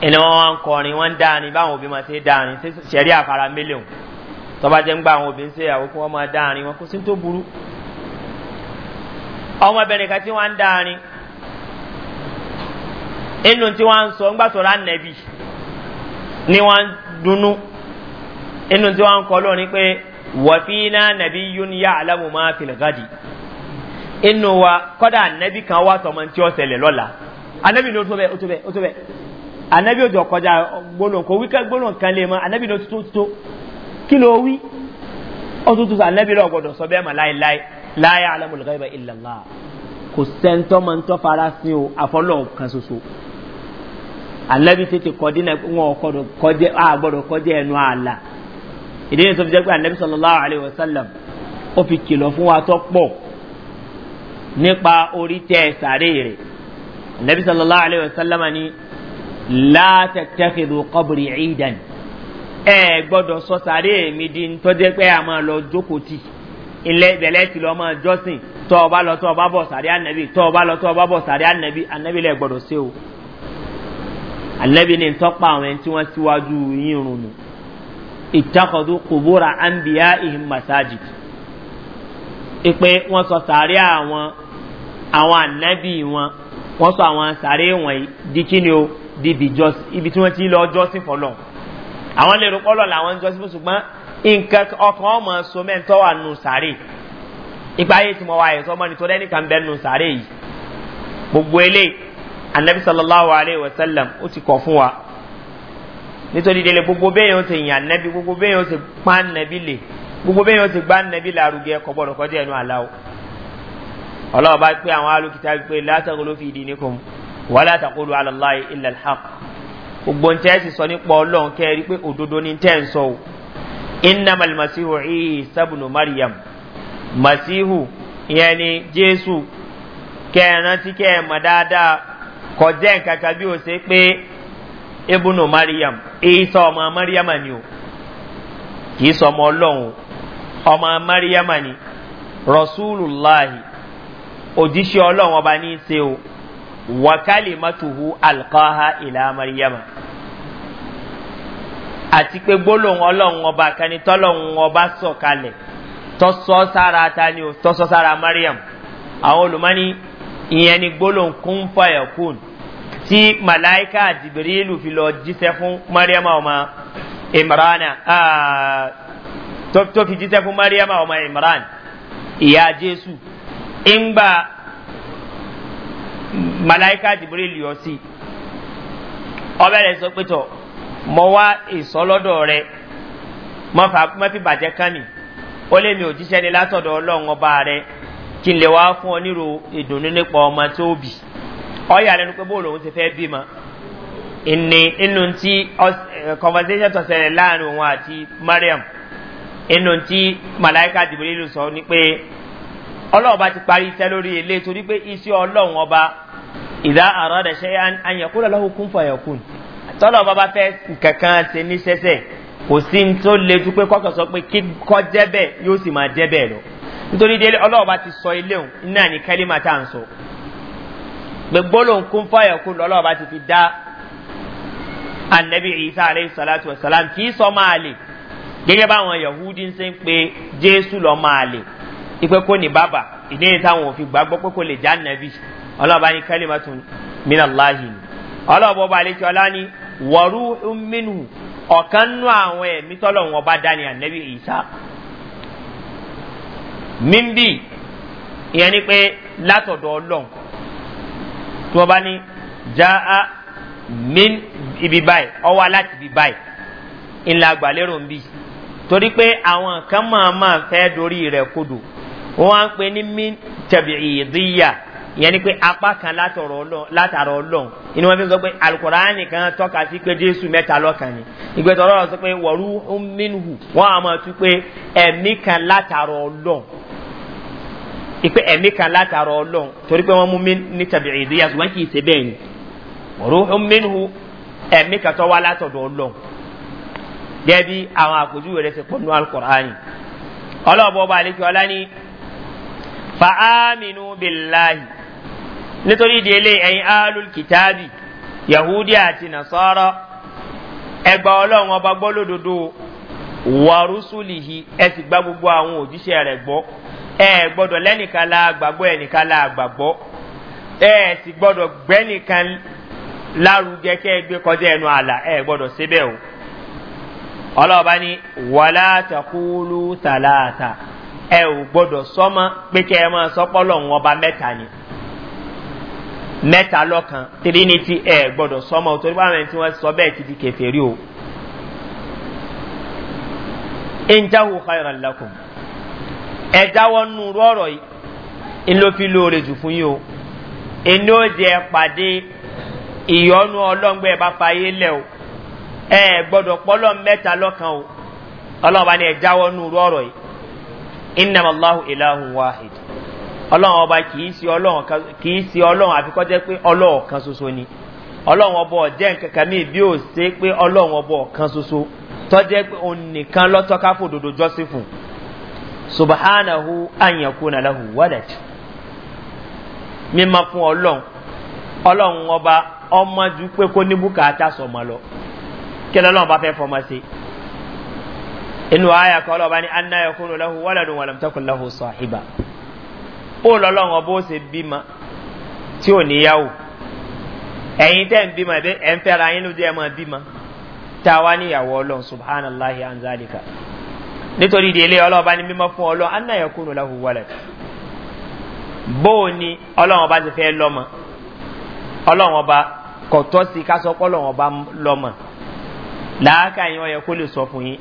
ẹni wọn wá ń kọrin wọn ń dárin báwọn obìnrin máa ṣe dárin ṣẹ̀rí àfara mílíọ̀n tọ́ba jẹ́ ń gba àwọn obìnrin ṣe ìyàwó kí wọ́n máa dárin wọn kó sí tó burú ọmọbìnrin kan tí wọ́n ń dárin inú tí wọ́n ń sọ ń gbàtọ̀ ránàbì ni wọ́n dunu inu tí wọ́n ń kọ́ lónìí pé wàfíìnà nàbí yúniyà alámù máa fi wa kọ́dà nàbí kan wà tọmọ tí ó sẹlẹ̀ lọ́la anabi ní o tó bẹ́ẹ̀ o tó bẹ́ẹ̀ o tó bẹ́ẹ̀ anabi ò jọ kọjá gbólóhùn wíkẹ́ gbólóhùn lè mọ anabi ní o tó tó kí ló wí ó tó tó sọ anabi lọ gbọdọ̀ sọ bẹ́ẹ̀ mà láéláé láyé alámù lọ́gàdì bá ilàlá kò sẹ́ńtọ́ máa fara sí o àfọlọ́ kan ṣoṣo anabi tètè kọdí náà wọn kọdọ kọjẹ a gbọdọ kọjẹ ẹnu àlà ìdí yẹn tó fi jẹ pé anabi sallallahu alayhi wa sallam ó fi kìlọ̀ fún wa tó pọ̀ nípa orí tẹ sàárè rẹ̀ anabi sallallahu alayhi wa sallam ni láti tẹ́kìdù kọ́bùrì ìdán ẹ gbọdọ sọ sàárè mi di tó jẹ pé a máa lọ jókòó ilẹ̀ ìbẹ̀lẹ̀ ti lọ́ máa jọ́sìn tọ́ ọ bá lọ tọ́ ọ bá bọ̀ sàárè anabi tọ́ ọ bá lọ tọ́ ọ bá bọ̀ sàárè anabi anabi lẹ́ gbọdọ̀ sí o alẹ́bi ni ntọ́pa àwọn ẹni tí wọ́n síwájú yín runu ìtakọ̀dún kòbóra àǹbíyá ìhìn masajid ìpè wọ́n sọ sàárẹ̀ àwọn àwọn ànábì wọn wọ́n sọ àwọn sàárẹ̀ wọn di kíni o di ibi tí wọ́n ti lọ jọ́sìn fọlọ́ àwọn lè rúkọ́ lọ làwọn ń jọ́sìn fún ṣùgbọ́n nǹkan ọkàn ọmọ sọ mẹ́ńtọ́ wà nù sàárẹ̀ ìgbà ayé tí mo wà ayé sọmọ nítorí ẹnìkan bẹ́ẹ̀ nù sàárẹ̀ yìí gbogbo eléyìí anabi sallallahu alayhi wa sallam ó ti kọ̀ fún wa nítorí délé gbogbo bẹ́ẹ̀ yóò ṣe yàn anabi gbogbo bẹ́ẹ̀ yóò ṣe pa anabi lè gbogbo bẹ́ẹ̀ yóò ṣe gbá anabi lárugẹ ẹ̀kọ́ gbọ́dọ̀ kọjá ẹnu àlá o ọlọ́wọ́ bá pé àwọn alókìtá pé látàkùn ló fi ìdí ní kùn wà látàkùn ló alàláyé ilẹ̀ alhaq gbogbo ń tẹ́ sì sọ nípa ọlọ́run kẹ́rí pé òdodo ní tẹ́ ń sọ o iná malmasihu ìyí sábùnù mariam masihu ìyẹn jésù kẹ́ẹ̀rántí kẹ́ẹ̀ mọ̀ dáadáa kọjá nǹkan kan bí o ṣe pé ebunu mariam èyí sọ ọmọ mariam ni o kì í sọ ọmọ ọlọ́run ọmọ mariam ni rasulillahi òjíṣẹ́ ọlọ́run ọba ní í ṣe o wàkálì mọ́tòhù alkaha ila mariam àti pé gbólóhùn ọlọ́run ọba kani tọ́lọ́run ọba sọ̀kalẹ̀ tọ́sọ́ sára sara o tọ́sọ́ sára mariam àwọn olùmọ́ni. ìyẹn ni gbólóhùn kún fàyàkùn tí malaika jibirilu fi lọ jíṣẹ́ fún mariam ọmọ imrana tó fi jíṣẹ́ fún mariam ọmọ imran ìyá jésù ńgbà malaika jibirilu yọ sí ọbẹ̀ rẹ̀ sọ pé tọ̀ mọ wá ìsọlọ́dọ̀ rẹ̀ mọ́ fi bàjẹ́ kánì ó lé mi ò jíṣẹ́ ni látọ̀dọ̀ ọlọ́run ọba rẹ̀ kí n lè wá fún ọ nírò ìdùnnú nípa ọmọ tó bì ọyà lẹnu pé bóòlù òun ti fẹ́ bímọ ìní inú ti conversation tó ṣẹlẹ̀ láàrin òun àti mariam inú ti malaika dìbòlélù sọ ni pé ọlọ́run bá ti parí iṣẹ́ lórí ilé torí pé iṣẹ́ ọlọ́run ọba ìdá àrọ́dà ṣe àyànkúrò lọ́hùnkún fàyànkún tọ́lọ̀ ọba bá fẹ́ kankan ṣe ní ṣẹ́ṣẹ́ kò sí tó le ju pé kọ́kọ́ sọ pé kí kọ́ jẹ́ bẹ́ẹ̀ yóò sì máa jẹ́ bẹ́ẹ̀ lọ nítorí délé ọlọ́ọ̀bá ti sọ ilé òun iná ní kẹ́límà tá à ń sọ gbogbo ló ń kún fáyọ̀ kún lọ́lọ́ọ̀bá ti fi dá anabi isa aleyhi salatu wa salam kì í sọ máa lè gẹ́gẹ́ báwọn yahudi ń sẹ́ ń pe jésù lọ máa lè ipe kò ní bàbà ìdí ni táwọn òfin gbàgbọ́ pé kò lè já nàbí ọlọ́ọ̀bá ní kẹ́límà tún mina láàyè ni ọlọ́ọ̀bọ̀ bá alẹ́ ọlá ní wọ́rú mínú ọ̀kan nú àwọn ẹ̀mí tọ́lọ̀ mímbì ìyẹn ni pé látọ̀dọ̀ ọlọ́run tí wọ́n bá ní já a mí ibi báyìí ọwọ́ láti ibi báyìí ńlá àgbàlérò ń bì torí pé àwọn kan máa máa fẹ́ dorí rẹ̀ kodò wọ́n á ń pè ní mí tẹ̀bí ìdíyà ìyẹn ni pé apá kan látàrọ ọlọ́run inú wọn fi sọ pé alukọ̀ránì kan tọ́ka sí pé jésù mẹ́ta lọ́kàn ni ìgbẹ́tọ̀ ọlọ́run sọ pé wọ́n á máa tú pé ẹ̀mí kan látàrọ ọlọ́run ipe ẹ̀mí kan látara ọlọ́run torí pé wọ́n mú mi ní tàbí ìdíyà ṣùgbọ́n kì í ṣe bẹ́ẹ̀ ni ruhu minhu ẹ̀mí kan tó wá látọ̀dọ̀ ọlọ́run gẹ́bí àwọn àpèjúwe rẹ̀ ṣe pọ̀nú alukur'ani ọlọ́ọ̀bọ ọba àlekí ọlá ní fa'aminu bilahi nítorí ìdílé ẹ̀yin alul kitabi yahudi àti nasara ẹgbà ọlọ́run ọba gbọ́ lódodo wàrúsùlìhì ẹ gbogbo àwọn òjíṣẹ́ rẹ̀ gbọ́. ẹ gbọdọ lẹ́nìkan la gbàgbọ́ ẹnìkan la gbàgbọ́ ẹ ti gbọdọ gbẹ́nìkan lárugẹ kẹ́ ẹ gbé kọjá ẹnu àlà ẹ o ọlọ́ọ̀bá ni wàlá takulu tàlàtà ẹ ò gbọdọ̀ sọ́mọ́ pé kẹ́ ẹ máa sọ́pọ́lọ̀ ń ọba mẹ́ta ni trinity ẹ torí báwọn ẹni tí wọ́n sọ bẹ́ẹ̀ ti di o. ẹ jáwọ́ nù rú ọ̀rọ̀ yìí ńlọ fi lóore jù fún yìí o ẹni ó jẹ pàdé ìyọnu ọlọ́ngbẹ́ bá fàyè lẹ̀ o ẹ gbọ́dọ̀ pọ́lọ́ mẹ́ta lọ́kan o bá ní nù ọba kìí sí àfikọ́ jẹ́ pé kan ni ọlọ́run ọba ọ̀jẹ́ nkankan mi bí ó ṣe pé pé òun nìkan subhanahu an yakuna lahu walad mímọ fún ọlọ́run ọlọ́run ọba ọmọ ju pé kó ní bùkátà sọmọ lọ kí lọ́lọ́run bá fẹ́ fọmọ sí inú àyà kan ọlọ́ba ní anna yakuna lahu walad wa lam takun lahu sahiba ó lọ́lọ́run ọba bima ṣe bímọ tí ò níyàwó ẹ̀yin tẹ́ ń bímọ ẹ̀ ń fẹ́ra yín ló jẹ́ ẹ̀ máa bímọ tá a wá níyàwó subhanallah anzalika nítorí ìdí ilé ọlọ́ọ̀bá ní mímọ́ fún ọlọ́ anáyẹ̀ kúrò láhùn wọlé bóò ni ọlọ́wọ́n bá ti fẹ́ lọ́mọ ọlọ́wọ́n bá kò tọ́ sí ká sọ pé ọlọ́wọ́n bá lọ́mọ làákà yín ọyẹ kó lè sọ fún yín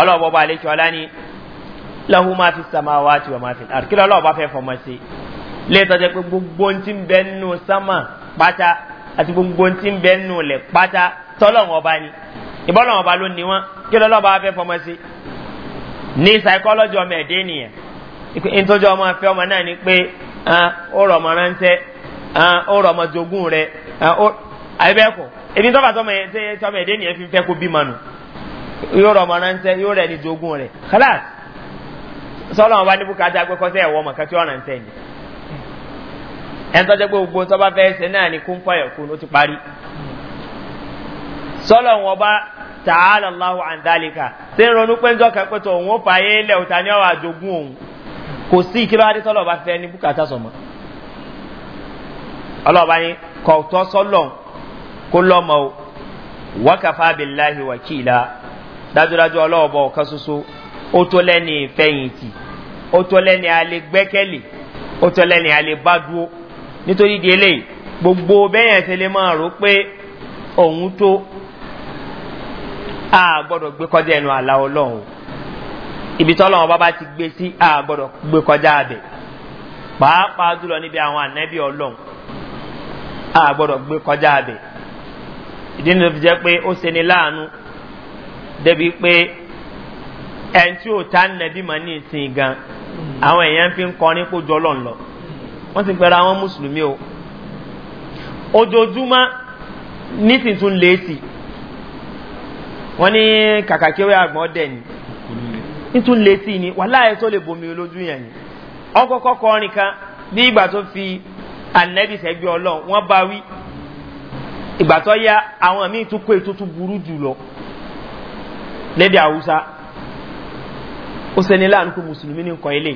ọlọ́wọ́n bá àlejò ọlá ni lọ́hùn máa fi sàmà wá tiwa máa fi àti kílọ̀ bá fẹ́ fọmọ sí lè tọ́jú pé gbogbo ohun tí ń nù sámà pátá àti gbogbo ohun tí ń nù lẹ̀ pátá tọ́lọ́wọ́n bá ni ìbọ́lọ̀ ọba ló ní wọn kí lọ́lọ́ bá fẹ́ fọmọ sí ní psychology ọmọ ẹ̀dẹ́ nìyẹn nítorí ọmọ afẹ́ ọmọ náà ni pé ó rọ̀ ọmọ ránṣẹ́ ó rọ̀ ọmọ jogún rẹ̀ àbẹ́kọ̀ èmi tọ́ba tọmọ ẹ̀dẹ́ nìyẹn fi fẹ́ kó bímọ nù yóò rọ̀ ọmọ ránṣẹ́ yóò rẹ̀ ní jogún rẹ̀ kálás sọ́lọ́ ọba ní bùkátà pé kọ́sẹ́ ẹ̀wọ́ ọmọ kẹ́kẹ́ ọ̀ràn tẹ̀ ni ẹ̀ ń tọ́jú pé gbogbo tọ́ba fẹ́ ṣe náà ni kún fọyọ̀ kún ó ti parí sọ́lọ́ ọba tààlà aláwọ̀ àǹdálíkà ṣé ń ronú pé ń jọ́kẹ́ pé tó òun ó fààyè ilẹ̀ òta ní ọ̀rọ̀ àjogún òun kò sí ìkíló adé bá fẹ́ ní bukata sọ̀mọ́ ọlọ́ọ̀bá ní kọ̀ọ̀tọ́ sọ́lọ̀ kó lọ́mọ o wákàfà abiláhi wàkìlá dájúdájú ọlọ́ọ̀bọ̀ ọ̀kan soso ó tó lẹ́ni ìfẹ̀yìntì ó tó lẹ́ni alẹ́ gbẹ́kẹ̀lé ó tó lẹ́ni alẹ́ bá a gbọ́dọ̀ gbé kọjá ẹnu àlà ọlọ́run ibi tọ́lọ́run bá ti gbé sí a gbọ́dọ̀ gbé kọjá abẹ̀ pàápàá jùlọ níbi àwọn ànẹ́bí ọlọ́run a gbọ́dọ̀ gbé kọjá abẹ̀ ìdí nínú fi jẹ́ pé ó ṣe ni láàánú débi pé ẹni tí ò tá nẹ́bí mọ́ ní ìsìn gan àwọn èèyàn fi ń kọrin kó jọ ọlọ́run lọ wọ́n ti pẹ̀lú àwọn mùsùlùmí o ojoojúmọ́ nísìtún lèsì wọ́n ní kàkà kéwé àgbọ̀n dẹ̀ ni nítún létí ni wà láàyè tó lè bomi olójú yẹn ni ọkọ̀ọ̀kọ̀ kọrin kan ní ìgbà tó fi ànẹ́bí sẹ́gbẹ́ ọlọ́run wọ́n bá wí ìgbà tó yá àwọn míì tún kó ètò tún burú jù lọ lédè haúsá ó sẹni láàánú kó mùsùlùmí ní nǹkan ilé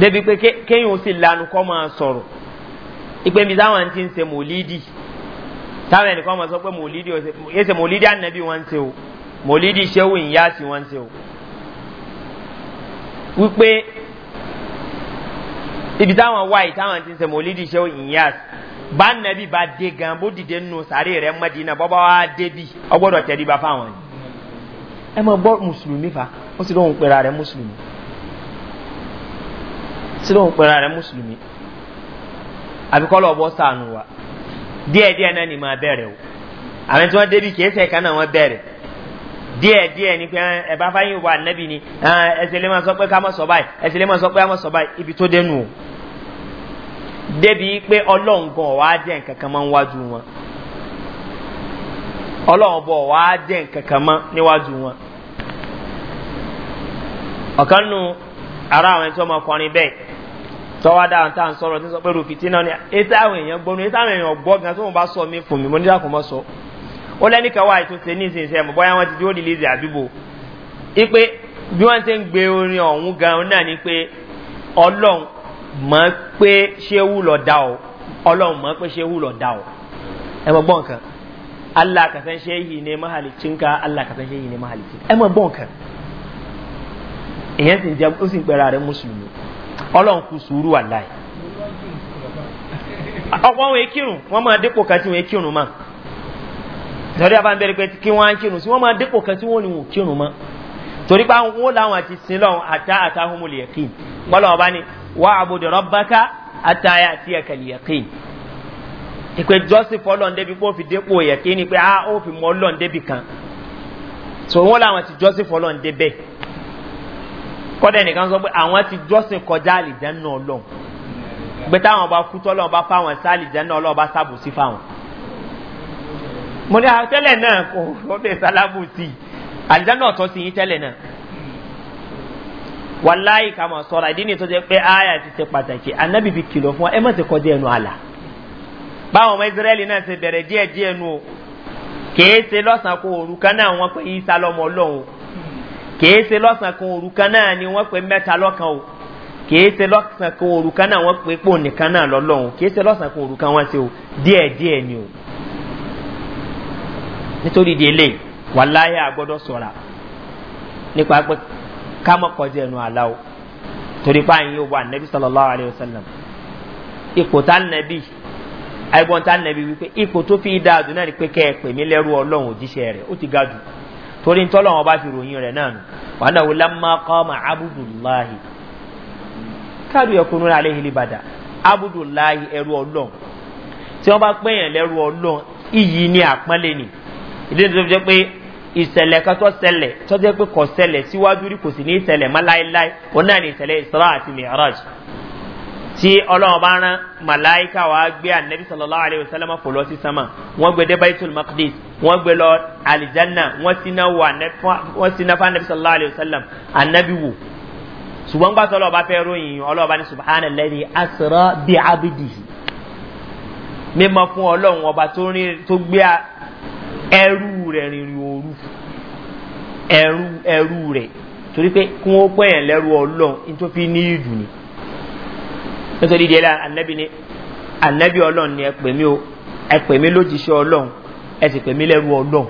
débi pé kéyìn ó sì lánàá kọ́ máa sọ̀rọ̀ ìpèmí táwọn ti ń se mòlídìí táwọn ẹnìkan mọ̀ sọ pé mòlídì ẹsẹ̀ mòlídì ànàbí wọn ń ṣe o mòlídì ṣẹ́wù ìyáàsì wọn ń ṣe o wípé ibi táwọn wáyé táwọn ti ń ṣe mòlídì ṣẹ́wù ìyáàsì bá nàbí bá dé gan bó dìde nù sàárè rẹ mọ́dínà bọ́ bá wá débi ọgbọ́dọ̀ tẹ̀lé bá fáwọn ni ẹ mọ̀ fa ó sì lóun pera rẹ̀ mùsùlùmí sí lóun pera rẹ̀ mùsùlùmí àbíkọ́ lọ́ọ́ bọ́ sànù wa díẹ̀díẹ̀ náà ni máa bẹ̀rẹ̀ o àwọn tí wọ́n débi kìí ṣe kan náà wọ́n bẹ̀rẹ̀ díẹ̀díẹ̀ ni pé ẹ bá fáyín wà nẹ́bi ni ẹsẹ̀ lè máa sọ pé ká mọ̀ sọ báyìí ẹsẹ̀ lè máa sọ pé ká mọ̀ sọ báyìí ibi tó dénú o débi pé ọlọ́run gan ọ̀ wá jẹ́ nǹkan kan máa wọn ọlọ́run bọ̀ wá jẹ́ nǹkan kan níwájú wọn ọ̀kan nù ara àwọn ẹni tó máa kọrin bẹ́ẹ̀ tọ́wá dáa tá à ń sọ̀rọ̀ tí ń sọ pé rufiti náà ni etí àwọn èèyàn gbọ́nu etí àwọn èèyàn gbọ́ gan tó ń bá sọ mí fún mi mo ní dàkú mọ́ sọ. ó lẹ́ni kẹwàá ètò ṣe ní ìsinsìn ẹ̀mọ́ bóyá wọ́n ti di ó di àdúgbò. ipe bí wọ́n ti ń gbé orin ọ̀hún gan náà ni pé ọlọ́run mọ̀ pé ṣéwù lọ da ọ ọlọ́run mọ̀ pé ṣéwù lọ da ọ. ẹ mọ gbọ́n kan allah kasan ṣéyì ne mahalicinka allah kasan ṣéyì ne mahalicinka ẹ mọ gbọ́n kan èèyàn sì ń ọlọ́run kù sùúrù wà láì ọ̀pọ̀ wọn kírun wọ́n máa dépò kan tí wọ́n kírun mọ́ torí àbá ń bẹ̀rẹ̀ pé kí wọ́n á kírun sí wọ́n máa dépò kan tí wọ́n ní wọn kírun mọ́ torí pé àwọn làwọn àti sin lọ́wọ́ àtà àtàhùnmùlì yẹ̀kìn mọ́lọ́wọ́ bá ní wà àbòdò rọ́bákà àtàyà àti ẹ̀kẹ̀lì yẹ̀kìn ìpè jọ́sìn fọlọ́n débi pé ó fi dépò yẹ̀kìn ni pé ah, ó fi mọ́ ọlọ́n débi kan so wọ́n làwọn àti jọ́sìn fọlọ́n débẹ̀ kọ́dẹ̀ nìkan sọ pé àwọn ti jọ́sìn kọjá àlìjẹ́nà ọlọ́run pé táwọn ọba kú tọ́lọ́run bá fáwọn ẹ̀sẹ̀ àlìjẹ́nà ọlọ́run bá sábòsí fáwọn. mo ní àwọn tẹ́lẹ̀ náà kò ó lè sálábòsí àlìjẹ́nà ọ̀tọ́ sí yín tẹ́lẹ̀ náà. wàláyé ká máa sọ̀rọ̀ ìdí ni tó jẹ́ pé aya ti ṣe pàtàkì anábì fi kìlọ̀ fún wa ẹ má ti kọjá ẹnu àlà. báwọn ọmọ ìsírẹ́lì náà ṣe bẹ̀rẹ̀ díẹ̀díẹ̀ nu kìí ṣe lọ́sàn kan òru náà ni wọ́n pe mẹ́ta lọ́kan o kìí ṣe lọ́sàn kan òru náà pe pò nìkan náà lọ́lọ́run kìí ṣe lọ́sàn kan o díẹ̀ díẹ̀ ni o nítorí di eléyìí wàláyé àgbọ́dọ̀ sọ̀ra nípa pé ká mọ̀ kọjá ẹnu àlá o torí pa àyìn yóò wà nẹ́bí wa ipò tá nẹ́bí àìbọ̀n tá nẹ́bí wípé ipò tó fi náà torí tọ́lọ̀ wọn bá fi ròyìn rẹ̀ náà nù wàhánà wò lámà kọ́mà abudulahi káàdù ẹ̀kọ́ nínú alẹ́ ìlíbàdà abudulahi ẹrú ọlọ́n tí wọ́n bá pẹ́yàn lẹ́rú ọlọ́n iyì ni àpọ́nlé ni ìdí tó jẹ́ pé ìṣẹ̀lẹ̀ kan tó ṣẹlẹ̀ tó jẹ́ pé kò ṣẹlẹ̀ síwájú rí kò sì ní ìṣẹ̀lẹ̀ má láéláé náà ni ìṣẹ̀lẹ̀ ìṣẹ̀lẹ̀ àti mìíràn tí ọlọ́run bá rán màláìka wàá gbé anabi sallallahu alayhi wa sallam fò lọ sí sama wọ́n gbé dé baitul maqdis wọ́n gbé lọ alijanna wọ́n siná wà wọ́n siná fún anabi sallallahu alayhi wa sallam anabi wò ṣùgbọ́n gbàtọ́ ọlọ́ọ̀bá fẹ́ ròyìn ọlọ́ọ̀bá ní subhana lẹ́ni asra bi abidihi mímọ fún ọlọ́run ọba tó gbé ẹrú rẹ̀ rìnrìn òru ẹrú rẹ̀ torí pé kí wọ́n pẹ̀yàn lẹ́rú ọlọ́run tó fi ní ìdùnnú nítorí ìdílé anabi ni anabi ọlọ́run ni ẹ pè mí o ẹ lójíṣẹ́ ọlọ́run ẹ lẹ́rú ọlọ́run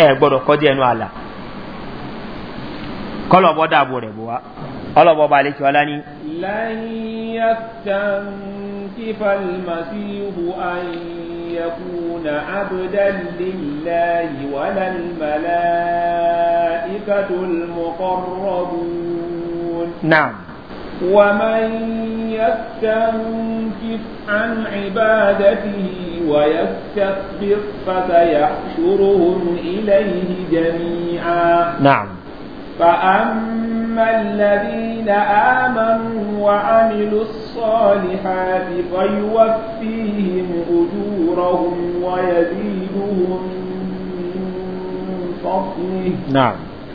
ẹ gbọ́dọ̀ kọ́dí ẹnu àlà kọ́lọ̀bọ́ dàbò rẹ̀ bò wá ọlọ́bọ̀ bá lè kí ọlá ní. lẹ́yìn ẹ̀sán tí falmasihu ayẹkùn abudalilayi wàlálmàlá ikadulmọkọrọbùn. naam. ومن يستنكف عن عبادته ويستكبر فسيحشرهم إليه جميعا نعم فأما الذين آمنوا وعملوا الصالحات فيوفيهم أجورهم ويزيدهم من فضله نعم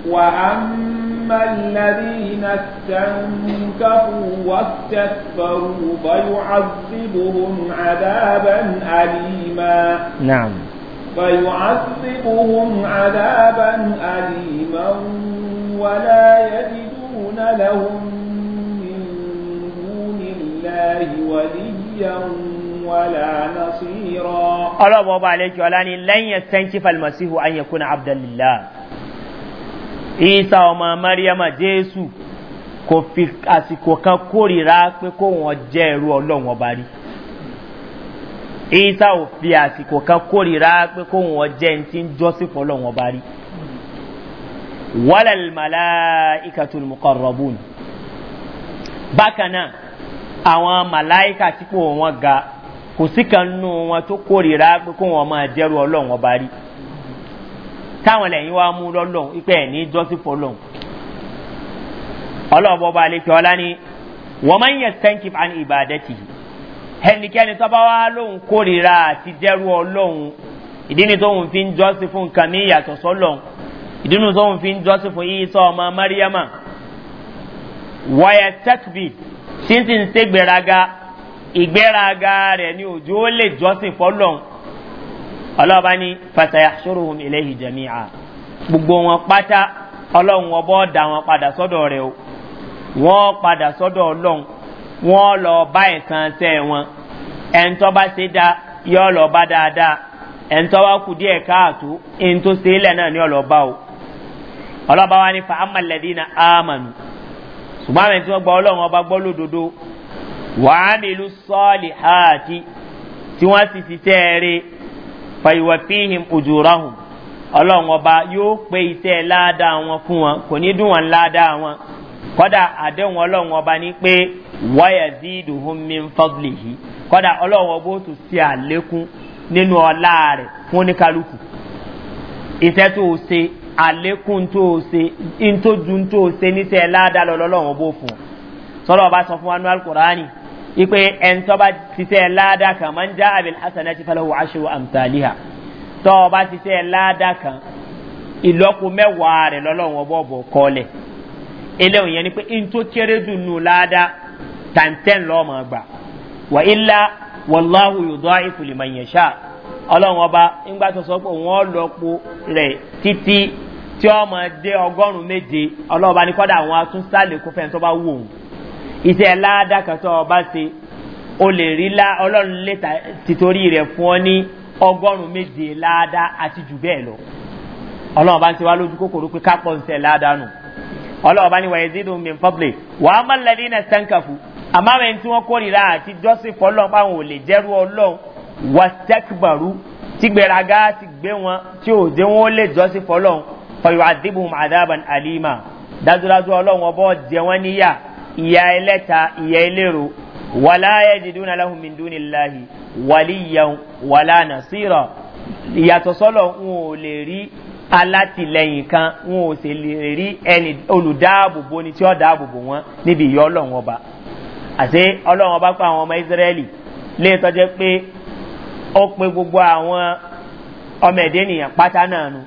وأما الذين استنكفوا واستكبروا فيعذبهم عذابا أليما نعم فيعذبهم عذابا أليما ولا يجدون لهم من دون الله وليا ولا نصيرا الله أبو عليك ولاني لن يستنكف المسيح أن يكون عبدا لله isa ọmọ mariama jésù kò fi àsìkò kan kórìíra pé kó wọn jẹ́ ẹrú ọlọ́run ọba rí isa ò fi àsìkò kan kórìíra pé kó wọn jẹ́ ẹni tí ń jọ́sìn fún ọlọ́run ọba rí wàlẹ̀ màlá ìkàtúrú mọ́kànlọ́bùn bákan náà àwọn màláìka tí kò wọn ga kò sí kan nù wọn tó kórìíra pé kó wọn máa jẹ́rú ọlọ́run ọba rí táwọn lẹ́yìn wá mú lọ́lọ́n ipẹ́ ní jọ́sí fọlọ́n ọlọ́ọ̀bọ̀ bá lè fi ọlá ni wọ́n máa ń yẹ sẹ́ńkì fún ìbàdẹ́tì ẹnikẹ́ni tọ́ba wá lóhùn kórìíra àti dẹ́rù ọlọ́hùn ìdí ni tóhùn fi ń jọ́sí fún nǹkan mí ìyàtọ̀ sọ́lọ́hùn ìdí ni tóhùn fi ń jọ́sí fún ìyíṣọ́ ọmọ mariama wọ́yẹ tẹ́kbì sínsìn ṣègbéraga ìgbéraga rẹ̀ ni òjò lè jọ́sí fọlọ́hùn ọlọ́ọ̀bá ní fasaya sóruhùn eléyìí jẹ̀míà gbogbo wọn pátá ọlọ́run wọn bọ́ da wọn padà sọ́dọ̀ rẹ o wọ́n padà sọ́dọ̀ ọlọ́run wọ́n lọ bá ẹ̀sán sẹ́ wọn ẹ̀ńtọ́ bá ṣe dá yọ lọ bá dáadáa ẹ̀ńtọ́ wá kù díẹ̀ káàtó ẹ̀ń ṣe é lẹ̀ náà ní ọlọ́ba o ọlọ́ba wa ní fa amalẹ̀dí na amanu ṣùgbọ́n àwọn tí wọ́n gba ọlọ́run ọba gbọ́ lódodo wàá nílùú sọ́ọ̀lì háàtì tí wọ́n sì ti tẹ́ ẹ rí fàyíwá fíhìm ojúrahùn ọlọ́run ọba yóò pé iṣẹ́ ládàá wọn fún wọn kò ní dùn wọn ládàá wọn kọ́dà àdéhùn ọlọ́run ọba ní pé wáyà sí ìdùnnú mi ń fọ́gìlì yìí kọ́dà ọlọ́run ọba ó tún ṣe àlékún nínú ọlá rẹ̀ fún oníkálukú iṣẹ́ tó o ṣe àlékún tó o ṣe ntójú tó o ṣe níṣẹ́ ládàá lọ́lọ́run ó fún ọ sọ́dọ̀ ọba sọ fún wa ní alukur'ani ipe ẹnitọ́ba ṣiṣẹ́ ládàá kan máa ń já abil hasan àti falahu aṣọ amtaliha tọ́ọ̀ba ṣiṣẹ́ ládàá kan ìlọ́kù mẹ́wàá rẹ̀ lọ́lọ́wọ́ bọ́ọ̀bọ̀ kọ́lẹ̀ eléwọ̀n yẹn ni pé ntó kéré dùn nù ládàá tàǹtẹ̀n lọ́ọ̀mọ̀ gbà wà ilá wàláhù yòdó ìfùlìmọ̀ yẹn ṣá ọlọ́wọ́n ọba ńgbà tó sọ pé wọ́n lọ́pọ̀ rẹ̀ títí tí ọmọ dé ọgọ́rùn-ún méje ọlọ́wọ́ba ní kọ́dà àwọn atúnṣálẹ̀ kó fẹ́ẹ́ tó bá wù òun iṣẹ́ ládàkàtọ̀ ọba ṣe o lè rí ọlọ́run létà títorí rẹ̀ fún ọ ní ọgọ́rùn-ún méje láàdá àti jù bẹ́ẹ̀ lọ ọlọ́run bá ń ṣe wá lójú kòkòrò pé kápọ̀ ń ṣe láàdá nù ọlọ́run bá ní wàyé zidun mi fọ́blẹ̀ wàá má lẹ́dí náà sẹ́ńkàfù àmọ́ àwọn ẹni tí wọ́n kórìíra àti jọ́sìn fọlọ́n páwọn ò lè jẹ́rú ọlọ́run wà sẹ́kbàrú tí gbẹ̀ràgá ti gbé wọn tí ò dé wọn lè jọ́sìn fọlọ́n fọyọ̀ àdìbùn àdàbàn àlìmà dájúdájú ọlọ́run ọbọ̀ jẹ wọ́n níyà ìyá ẹlẹ́ta ìyá ẹlẹ́rọ wàlá ẹ̀dìdún aláhùn mi dún níláhi wàlíyàn sọ́lọ̀ ń ò lè rí alátìlẹyìn kan ń ò sì lè rí ẹni olùdáàbòbò ni tí ó dáàbòbò wọn níbi ìyá ọlọ́run ọba àti ọlọ́run ọba pa àwọn ọmọ ìsírẹ́lì léètọ́ jẹ́ pé ó pe gbogbo àwọn ọmọ ẹ̀dẹ́ nìyàn pátá náà nu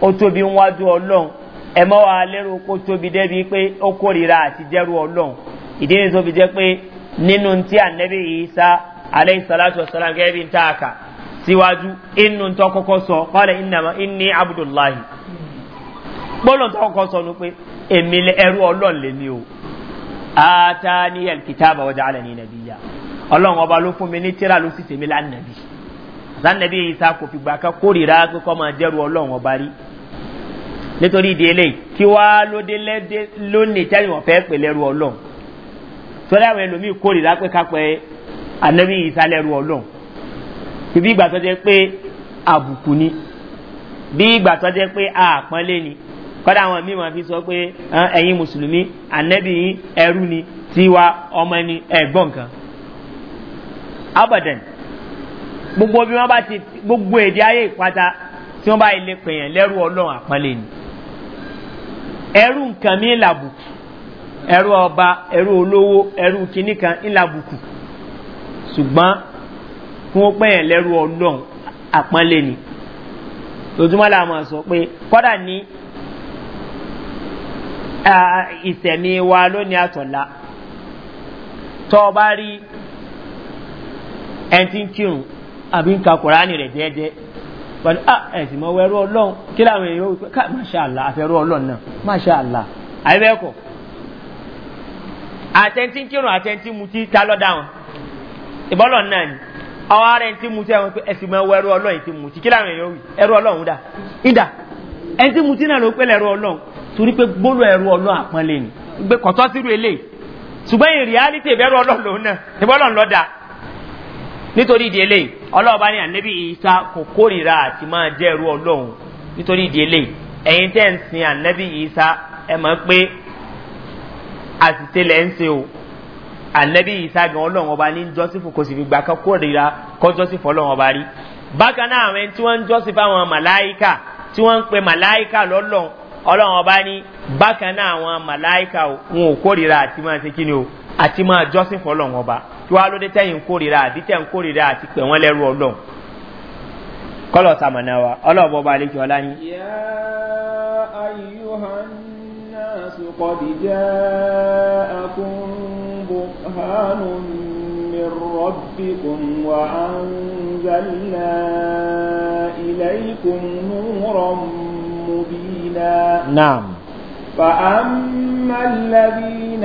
ó tóbi ń wájú ọlọ́run ẹ mọ́ wa lérò kó tóbi débi pé ó kórìíra àti jẹ́rú ọlọ́run ìdí ni tó pé nínú yìí sá salatu wa bí n ta inú sọ kọ́lẹ̀ ìnàmọ́ ìní abdullahi gbọ́dọ̀ tó kọ́kọ́ sọ ni pé èmi ẹrú o àtàní ẹ̀kìtàbà ọjà alẹ́ ní ọba ló fún mi ní tíra ló sì tèmi lánàbí kò kọ́ nítorí ìdí eléyìí kí wá lóde lẹ́dẹ lónìí tí àwọn fẹ́ pè lẹ́rù ọlọ́run sọdọ̀ àwọn ẹlòmíì kórìíra pé ká pẹ́ anabi isa lẹ́rù ọlọ́run ibi ìgbà tó jẹ́ pé àbùkù ni bí ìgbà tó jẹ́ pé àpọ́nlé ni kọ́dà àwọn míì máa fi sọ pé ẹ̀yin mùsùlùmí anabi ẹrú ni tiwa ọmọ ẹni ẹ̀gbọ́n kan abadan gbogbo bí wọ́n bá ti gbogbo èdè ayé ìpata tí wọ́n bá ilé pèèyàn lẹ́rù ọlọ́run àpọ́nlé ni. ẹrú nǹkan mi eru ọba ẹrú olówó ẹrú kìíní kan ńlàbùkù ṣùgbọ́n fún ó lẹ́rú ọlọ́run àpọ́nlé ni lójúmọ́ la máa sọ pé kọ́dà ní ìsẹ̀mí wa lónìí àtọ̀lá tọ́ ọ rí ẹni tí ń kírun àbí ń ka wọ́n ní ah ẹ̀sìn mọ́ ẹrú ọlọ́run kí láwọn èèyàn wípé ká máṣá àlá àfẹ́rú ọlọ́run náà máṣá àlá àìbẹ́ẹ̀kọ́ àtẹ̀ntì kírun àtẹ̀ntì mutí ta lọ́dà wọn ìbọ́lọ̀ náà ni àwọn ará ẹni tí mutí àwọn pé ẹ̀sìn mọ́ ẹrú ọlọ́run ti mutí kí láwọn èèyàn wí ẹrú ọlọ́run dà ìdà ẹni tí mutí náà ló pẹ́ lẹ́rú ọlọ́run torí pé gbóló ẹrú ọlọ́run àpọ́nlé ni gbé kọ̀tọ́ sírú eléyìí ṣùgbọ́n ìrìálítì ìbẹ̀rù ọlọ́run lòun náà ìbọ́lọ̀ ń lọ́dà nítorí ìdí eléyìí ọlọ́ọ̀bá ní ànábì ìsá kò kórìíra àti máa jẹ́ ẹrú ọlọ́run nítorí ìdí eléyìí ẹ̀yin tẹ́ ń sin ànábì ìsá ẹ mọ̀ pé àṣìṣe lẹ́ ń se o ànábì ìsá gan ọlọ́run ọba ní jọ́sífù kò sì fi gbà kan kórìíra kọ́ jọ́sífù ọlọ́run ọba rí bákan náà àwọn ẹni tí wọ́n ń jọ́sífù àwọn màláìkà tí wọ́n ń pe màláìkà lọ́lọ́run ọlọ́run ọba ní tí wàá lóde tẹ̀yìn kórìíra àbí tẹ̀ ń kórìíra àti pé wọ́n lẹ́rú ọlọ́run kọ́lọ̀ sàmọ̀nà wa ọlọ́ọ̀bọ̀ bá lè jọ láyé. yá ayúhánà sùkọ̀dìjà akúnbùhánù mi rọ́bìkùn wà ánzàlá ilẹ̀kùn núrọ̀ mubínà. naam. فأما الذين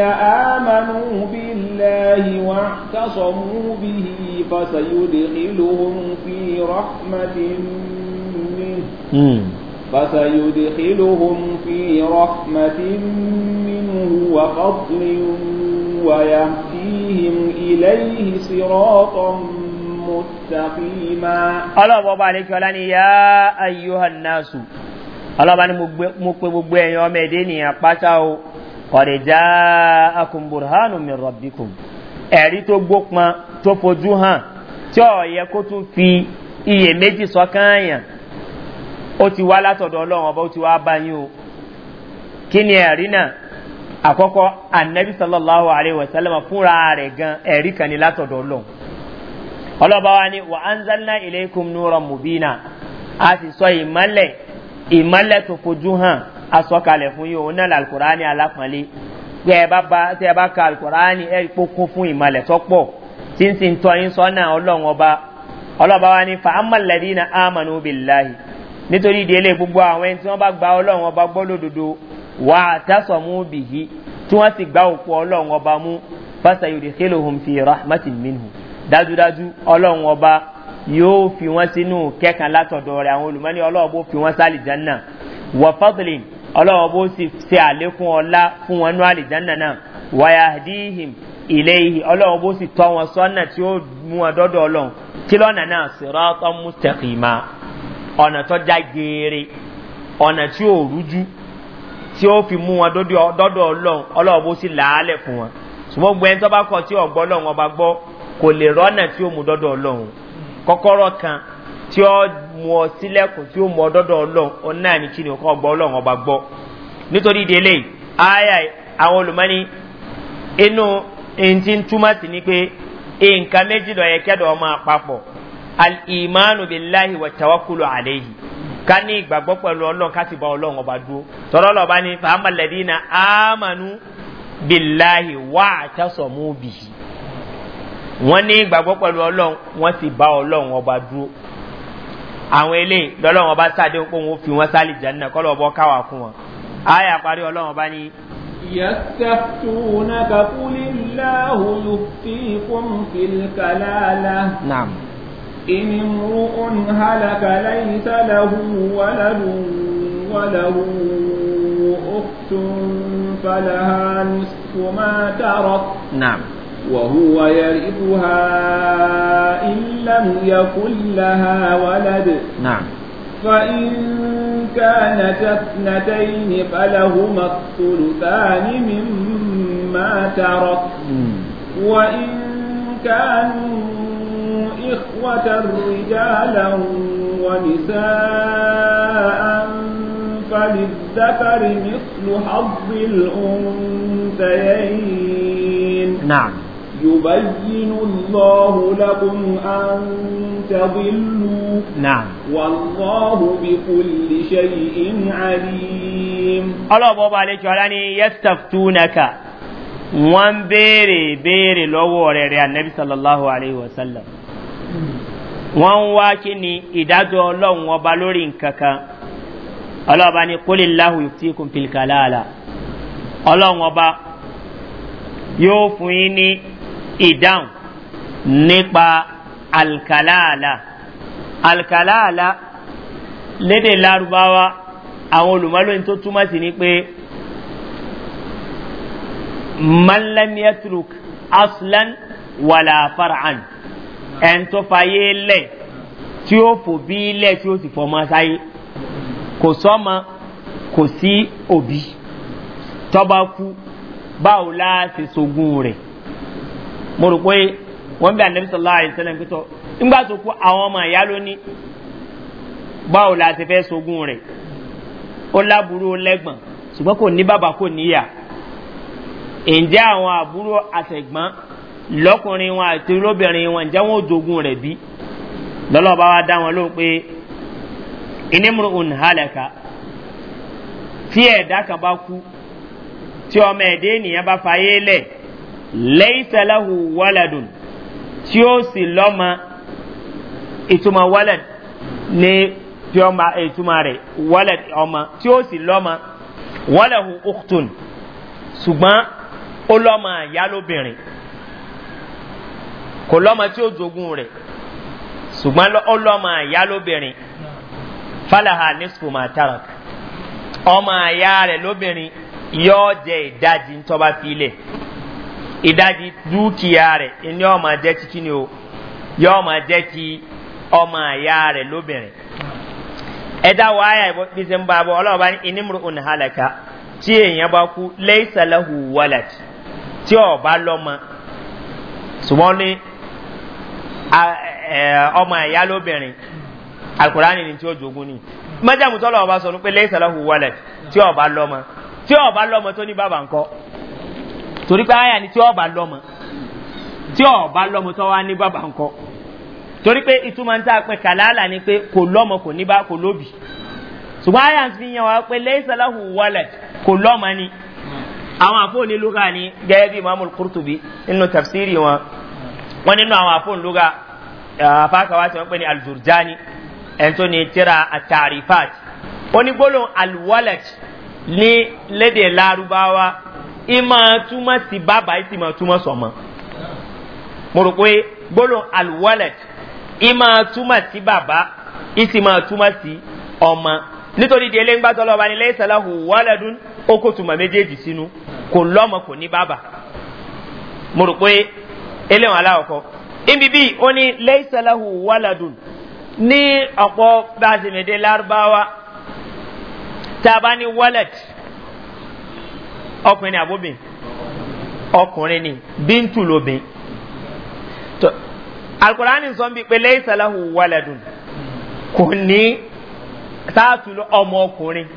آمنوا به الله واعتصموا به فسيدخلهم في رحمة منه فسيدخلهم في رحمة منه وفضل ويهديهم إليه صراطا مستقيما الله بابا عليك ولاني يا أيها الناس الله بأن مكبب بأن يوم ديني أقبطه kọ̀dẹ̀já akùnbùrhánù mi rọ̀bìkùn ẹ̀rí tó gbópọn tó fojú hàn tí ọ̀yẹ kó tún fi iyèméjì sọ́kànyàn ó ti wá látọ̀dọ̀ ọlọ́run ọba ó ti wá báyìí o kí ni ẹ̀rí náà àkọ́kọ́ anabi sallallahu alayhi wa sallam fúnra rẹ̀ gan ẹ̀rí kan ni látọ̀dọ̀ ọlọ́run ọlọ́ba wa ni wa anzalna ilaykum nura mubina a sì sọ ìmọ̀lẹ̀ ìmọ̀lẹ̀ tó fojú hàn asọ́kalẹ̀ fún yìí òun náà làlùkùránì alápọ̀nlé pé ẹ bá ka alùkùránì ẹ̀rí pókún fún ìmọ̀lẹ̀ tọ́pọ̀ tí ń sì ń tọ́ yín sọ́nà ọlọ́run ọba ọlọ́ba wa ní fa amọ̀lẹ́dí na amànú bìláhì nítorí ìdílé gbogbo àwọn ẹni tí wọ́n bá gba ọlọ́run ọba gbọ́ wà á tásọ̀ mú tí wọ́n sì gba òkú ọlọ́run mú fásitì yòdì kílò hùm fi rahmatu minhu dájúdájú ọlọ́run yóò fi wọ́n sínú kẹ́kàn látọ̀dọ̀ àwọn olùmọ́ni wà fadlin ọlọ́wọ́ bó sì ṣe àlékún ọlá fún wọn ní àlìjáná náà wàyà díhìm ilé yìí ọlọ́wọ́ bó sì tọ́ wọn sọ́nà tí ó mú wọn dọ́dọ̀ ọlọ́run kí lọ́nà náà sèrọ́tọ́ mustaqima ọ̀nà tó já geere ọ̀nà tí ó rújú tí ó fi mú wọn dọ́dọ̀ ọba gbọ́ kò lè rọ́nà tí ó mú dọ́dọ̀ ọlọ́run kọ́kọ́rọ́ kan tí ó mú ọ sílẹ̀kùn tí ó mú ọ dọ́dọ̀ ọlọ́run òun náà ní kíni ọkọ ọgbọ́ ọlọ́run ọba gbọ́ nítorí ìdílé àyà àwọn olùmọ́ni inú ntí ń túmọ̀ sí ni pé nǹkan méjì lọ yẹ kẹ́dọ̀ ọmọ àpapọ̀ alìmánu bíláhi wà tawakulu àléhi ká ní ìgbàgbọ́ pẹ̀lú ọlọ́run ká sì bá ọlọ́run ọba dúró tọ́lọ́ lọ́ba ní fàámà àwọn ilé lọ́lọ́wọ́n bá sáde ń pò wọ́n fi wọ́n sálì jẹ́nà kọ́lọ̀ ọbọ̀ káwà fún wọn ayé àparí ọlọ́wọ́n bá ní. yẹ́sẹ̀tún kakulilahu yufikum filkalala. naam. ini mru'un halaka laisa وهو يرثها إن لم يكن لها ولد نعم فإن كانت اثنتين فلهما الثلثان مما ترك وإن كانوا إخوة رجالا ونساء فللذكر مثل حظ الأنثيين نعم يبين الله لكم أن تضلوا نعم والله بكل شيء عليم الله بابا عليك ولاني يستفتونك وان بيري بيري لو ريري النبي صلى الله عليه وسلم wọ́n wá kí ni ìdájọ́ ọlọ́run ọba lórí nkankan ọlọ́ọ̀ba ni kólé láhùn tí kò fi ìdáhùn nípa alkalaala alkalaala lédè larubawa àwọn olùmọ́lóyìn tó túmọ̀ sí ni pé malamiyatruk aslan wàlà fara'an ẹn tó fàyè lẹ̀ tí ó fò bí lẹ̀ tí ó sì fọmọ sáyé kò sọ́mọ kò sí òbí tọ́ba kú báwo la ṣe rẹ̀ mo rò pé wọ́n bí anabi sallallahu alayhi wa sallam pé tọ́ nígbà tó kú àwọn ọmọ ìyá lónìí báwo la ti fẹ́ sogún rẹ̀ ó láburú lẹ́gbọ̀n ṣùgbọ́n kò ní bàbá kò níyà ǹjẹ́ àwọn àbúrò àtẹ̀gbọ́n lọ́kùnrin wọn àti lóbìnrin wọn ǹjẹ́ wọn ò jogun rẹ̀ bí lọ́lọ́ba wa dá wọn lóhùn pé inimru unhalaka tí ẹ̀dá kan bá kú tí ọmọ ẹ̀dá ènìyàn bá fayé lẹ̀ lẹ́yìntàláhù wàládùn tí ó sì lọ́mọ ìtumọ̀ wàlád ní fiọ́mà ìtumọ̀ rẹ̀ wàlád ọmọ tí ó sì lọ́mọ wàláhù uktun ṣùgbọ́n ó lọ́mọ àyá lóbìnrin kò lọ́mọ tí ó jogún rẹ̀ ṣùgbọ́n ó lọ́mọ àyá lóbìnrin falaha nisfu ma tarak ọmọ àyá rẹ̀ lóbìnrin yóò jẹ ìdajì ntọ́ba fílẹ̀ ìdajì dúkìá rẹ̀ ni yóò máa jẹ́ ti kíni o yóò máa jẹ́ ti ọmọ àyá rẹ̀ lóbìnrin. ẹ̀dá wa ayà ń bá a bọ̀ ọlọ́ọ̀bá ní inimru un halaka tí èèyàn bá kú lẹ́sàlẹ́hù wọ́lẹ̀t tí ọba lọ́mọ ṣùgbọ́n ní ọmọ àyá lóbìnrin alukurani ni tí ó jogún ni mẹ́jàmùtọ́lọ́ ọba sọ ní pé lẹ́sàlẹ́hù wọ́lẹ̀t tí ọba lọ́mọ tí ọba lọ́mọ tó ní bàbá ńkọ́ torí pé àyà ni tí ọba lọmọ tí ọba lọmọ tó wá ní bàbá ńkọ torí pé ìtumọ̀ ń tà pé kàlálà ni pé kò lọmọ kò ní bá kò lóbì ṣùgbọ́n àyà fi yàn wá pé lẹ́yìn wọlẹ̀ kò lọmọ ni àwọn àfọ̀ní ni gẹ́gẹ́ bí mahamud kurtubi nínú tafsiri wọn wọn nínú àwọn àfọ̀ní lóga àfáàkàwá tí wọ́n pè ní aljurjani ẹ̀ tó ní tíra àtàrífàt onígbólóhùn alwalẹ̀ ní lédè lárúbáwá Ima túmọ̀ sí bàbá ìsì mọ̀ túmọ̀ sọ̀mọ́ mo rò pé gbólóhùn alwalad ìmọ̀ túmọ̀ sí bàbá ìsì mọ̀ túmọ̀ sí ọmọ nítorí délé ń gbàtọ́ lọ́ba ní lẹ́yìn sàlàhù wàlẹ́dún ó kó túmọ̀ méjèèjì sínú kò lọ́mọ kò ní bàbá mo rò pé eléwọ̀n aláwọ̀kọ́ ibi bíi ó ní lẹ́yìn sàlàhù wàlẹ́dún ní ọ̀pọ̀ bá a sì mẹ́tẹ́ lárúbáwá tá ọkùnrin ni àbóbìn ọkùnrin ni bíntù lóbìn tó alukurani sọ bí pé lẹ́yìn wàlẹ́dùn kò ní sáàtù ọmọ ọkùnrin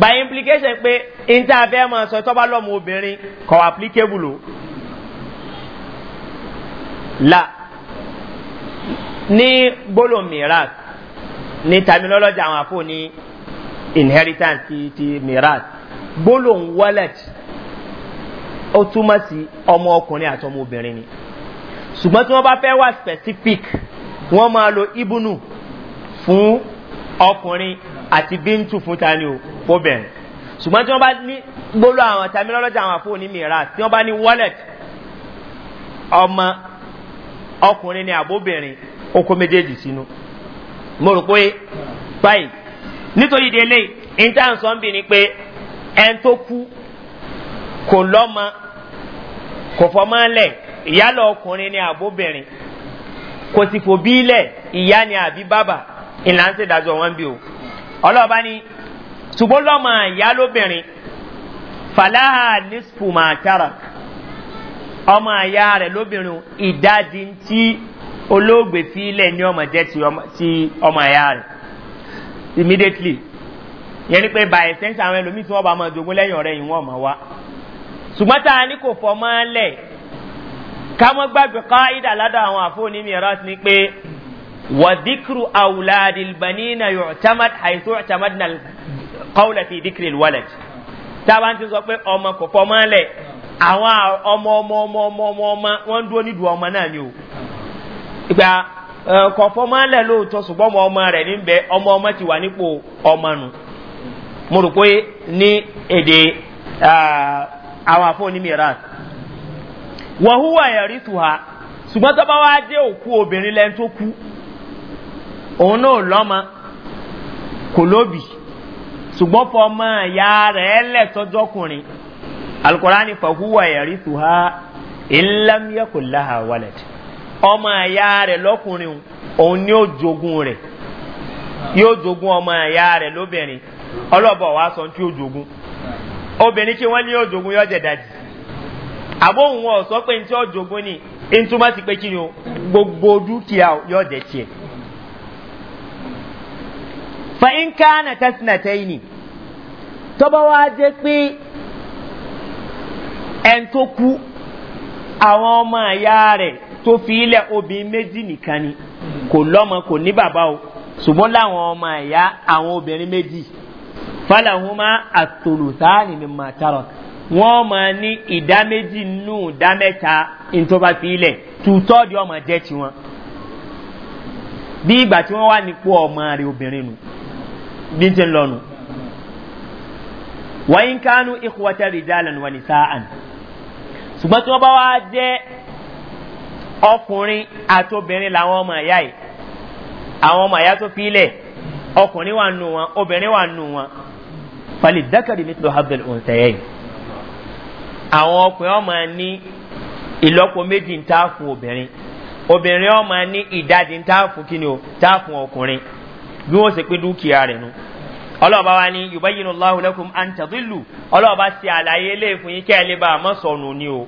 by implication pé níta fẹ́ máa sọ tọ́ba lọ́mọ obìnrin kọ̀ applicable o la ní gbólóhùn mìíràn ní terminology àwọn àfọ̀ ní inheritance ti ti mirat gbólóhùn wallet ó túmọ̀ sí ọmọ ọkùnrin àti ọmọ obìnrin ni ṣùgbọ́n tí wọ́n bá fẹ́ wà specific wọ́n máa lo ibùnú fún ọkùnrin àti bíntù fún tani o fóbìnrin ṣùgbọ́n tí wọ́n bá ní gbóló àwọn terminology àwọn àfóònì mìíràn tí wọ́n bá ní wallet ọmọ ọkùnrin ni àbóbìnrin oko méjèèjì sínú mo rò pé báyìí nítorí délé intanet sọ ń bì ní pé ẹn tó kú kò lọ́mọ kò fọmọ lẹ̀ ìyá lọ ọkùnrin ni àbóbìnrin kò sì fò bí lẹ̀ ìyá ni àbí bàbà ìlànà ìdájọ́ wọn bí o ọlọ́ọ̀bá ni ṣùgbọ́n lọ́mọ ìyá lóbìnrin fàlàhà nísìpù kára ọmọ àyà rẹ̀ lóbìnrin ìdajì tí olóògbé fi lẹ̀ ní ọmọ jẹ́ ti ọmọ àyà rẹ̀ immediately yẹn ni pé by extension àwọn ẹlòmíì tí wọ́n bá máa dogun lẹ́yìn ọ̀rẹ́ yìí wọ́n mọ̀ wá ṣùgbọ́n tá a ní kò fọ́ mọ́ lẹ̀ ká mọ́ gbàgbé ká ìdá ládà àwọn àfóònì mìíràn ni pé wàdíkìrù àwùládìlbanínà yóò tamad àìsó tamad nà kọ́wùlẹ̀ fi díkìrì wọ́lẹ̀t tá a ti sọ pé ọmọ kò fọ́ mọ́ lẹ̀ àwọn ọmọ ọmọ ọmọ ọmọ ọmọ ọmọ wọn dúró nídùú ọmọ náà ni o ìgbà kọ̀ọ̀fọ́ mọ́ lẹ̀ lóòótọ́ ṣùgbọ́n ọmọ ọmọ rẹ̀ níbẹ̀ ọmọ ọmọ ti wà nípò ọmọ nù mo rò pé ní èdè àwọn àfọ̀ní mìíràn wàhúwà ẹ̀rí tù ha ṣùgbọ́n tó bá wá dé òkú obìnrin lẹ́nu tó kú òun náà lọ́mọ kò lóbì ṣùgbọ́n fọmọ ìyá rẹ̀ lẹ́tọ́jọ́kùnrin alukurani fahuwa yari tuha. ha ìlàmíyàkùn láhà wàlẹ̀tì ọmọ ẹ̀yà rẹ̀ lọ́kùnrin òun ni yóò jogun rẹ̀ yóò jogun ọmọ ẹ̀yà lóbìnrin ọlọ́bọ̀ wa sọ tí ó jogun obìnrin kí wọ́n ní ó jogun yọ jẹ dájì àbóhùn wọn sọ pé tí ó jogun ni ntúmọ̀ sí pé kí ni o gbogbo dúkìá yọ jẹ tiẹ̀. fàyínká na tẹ́sínàtẹ́ yìí ni tọ́ba wa jẹ́ pé ẹn tó kú àwọn ọmọ àyà rẹ̀ tó fi ilẹ̀ obìnrin méjì nìkan ni kò lọ́mọ kò ní bàbá o ṣùgbọ́n láwọn ọmọ àyà àwọn obìnrin méjì. Falahuma àtòlùsáàní mi máa tààrọ̀ wọ́n máa ní ìdá méjì nù ìdá mẹ́ta ìtọ́ba fi ilẹ̀ tùtọ́ọ̀dì ọmọ jẹ́ tiwọn bí ìgbà tí wọ́n wà nípò ọmọ rẹ̀ obìnrin nù bí n ti lọ́nu wọ́n ń kánú ìkúwọ́tẹ́ rìdálẹ̀ wọn ní sáà ṣùgbọ́n tí wọ́n bá wá jẹ́ ọkùnrin àtobìnrin làwọn ọmọ ẹ̀yà yìí àwọn ọmọ ẹ̀yà tó fi ọkùnrin wà nù wọn obìnrin wà nù wọn falidakari mitlo habil onseyin awon ọkùnrin o ma ìlọ́po méjì meji tá fún obìnrin obìnrin ọmọ ní ìdajì ń tá fún kíni o tá fún ọkùnrin bí wọ́n dukiya nu wa ni yubayin allahu lakum antadilu ọlọ́ọ̀bá ṣe àlàyé léèfún yín kẹ́ ẹ a ni o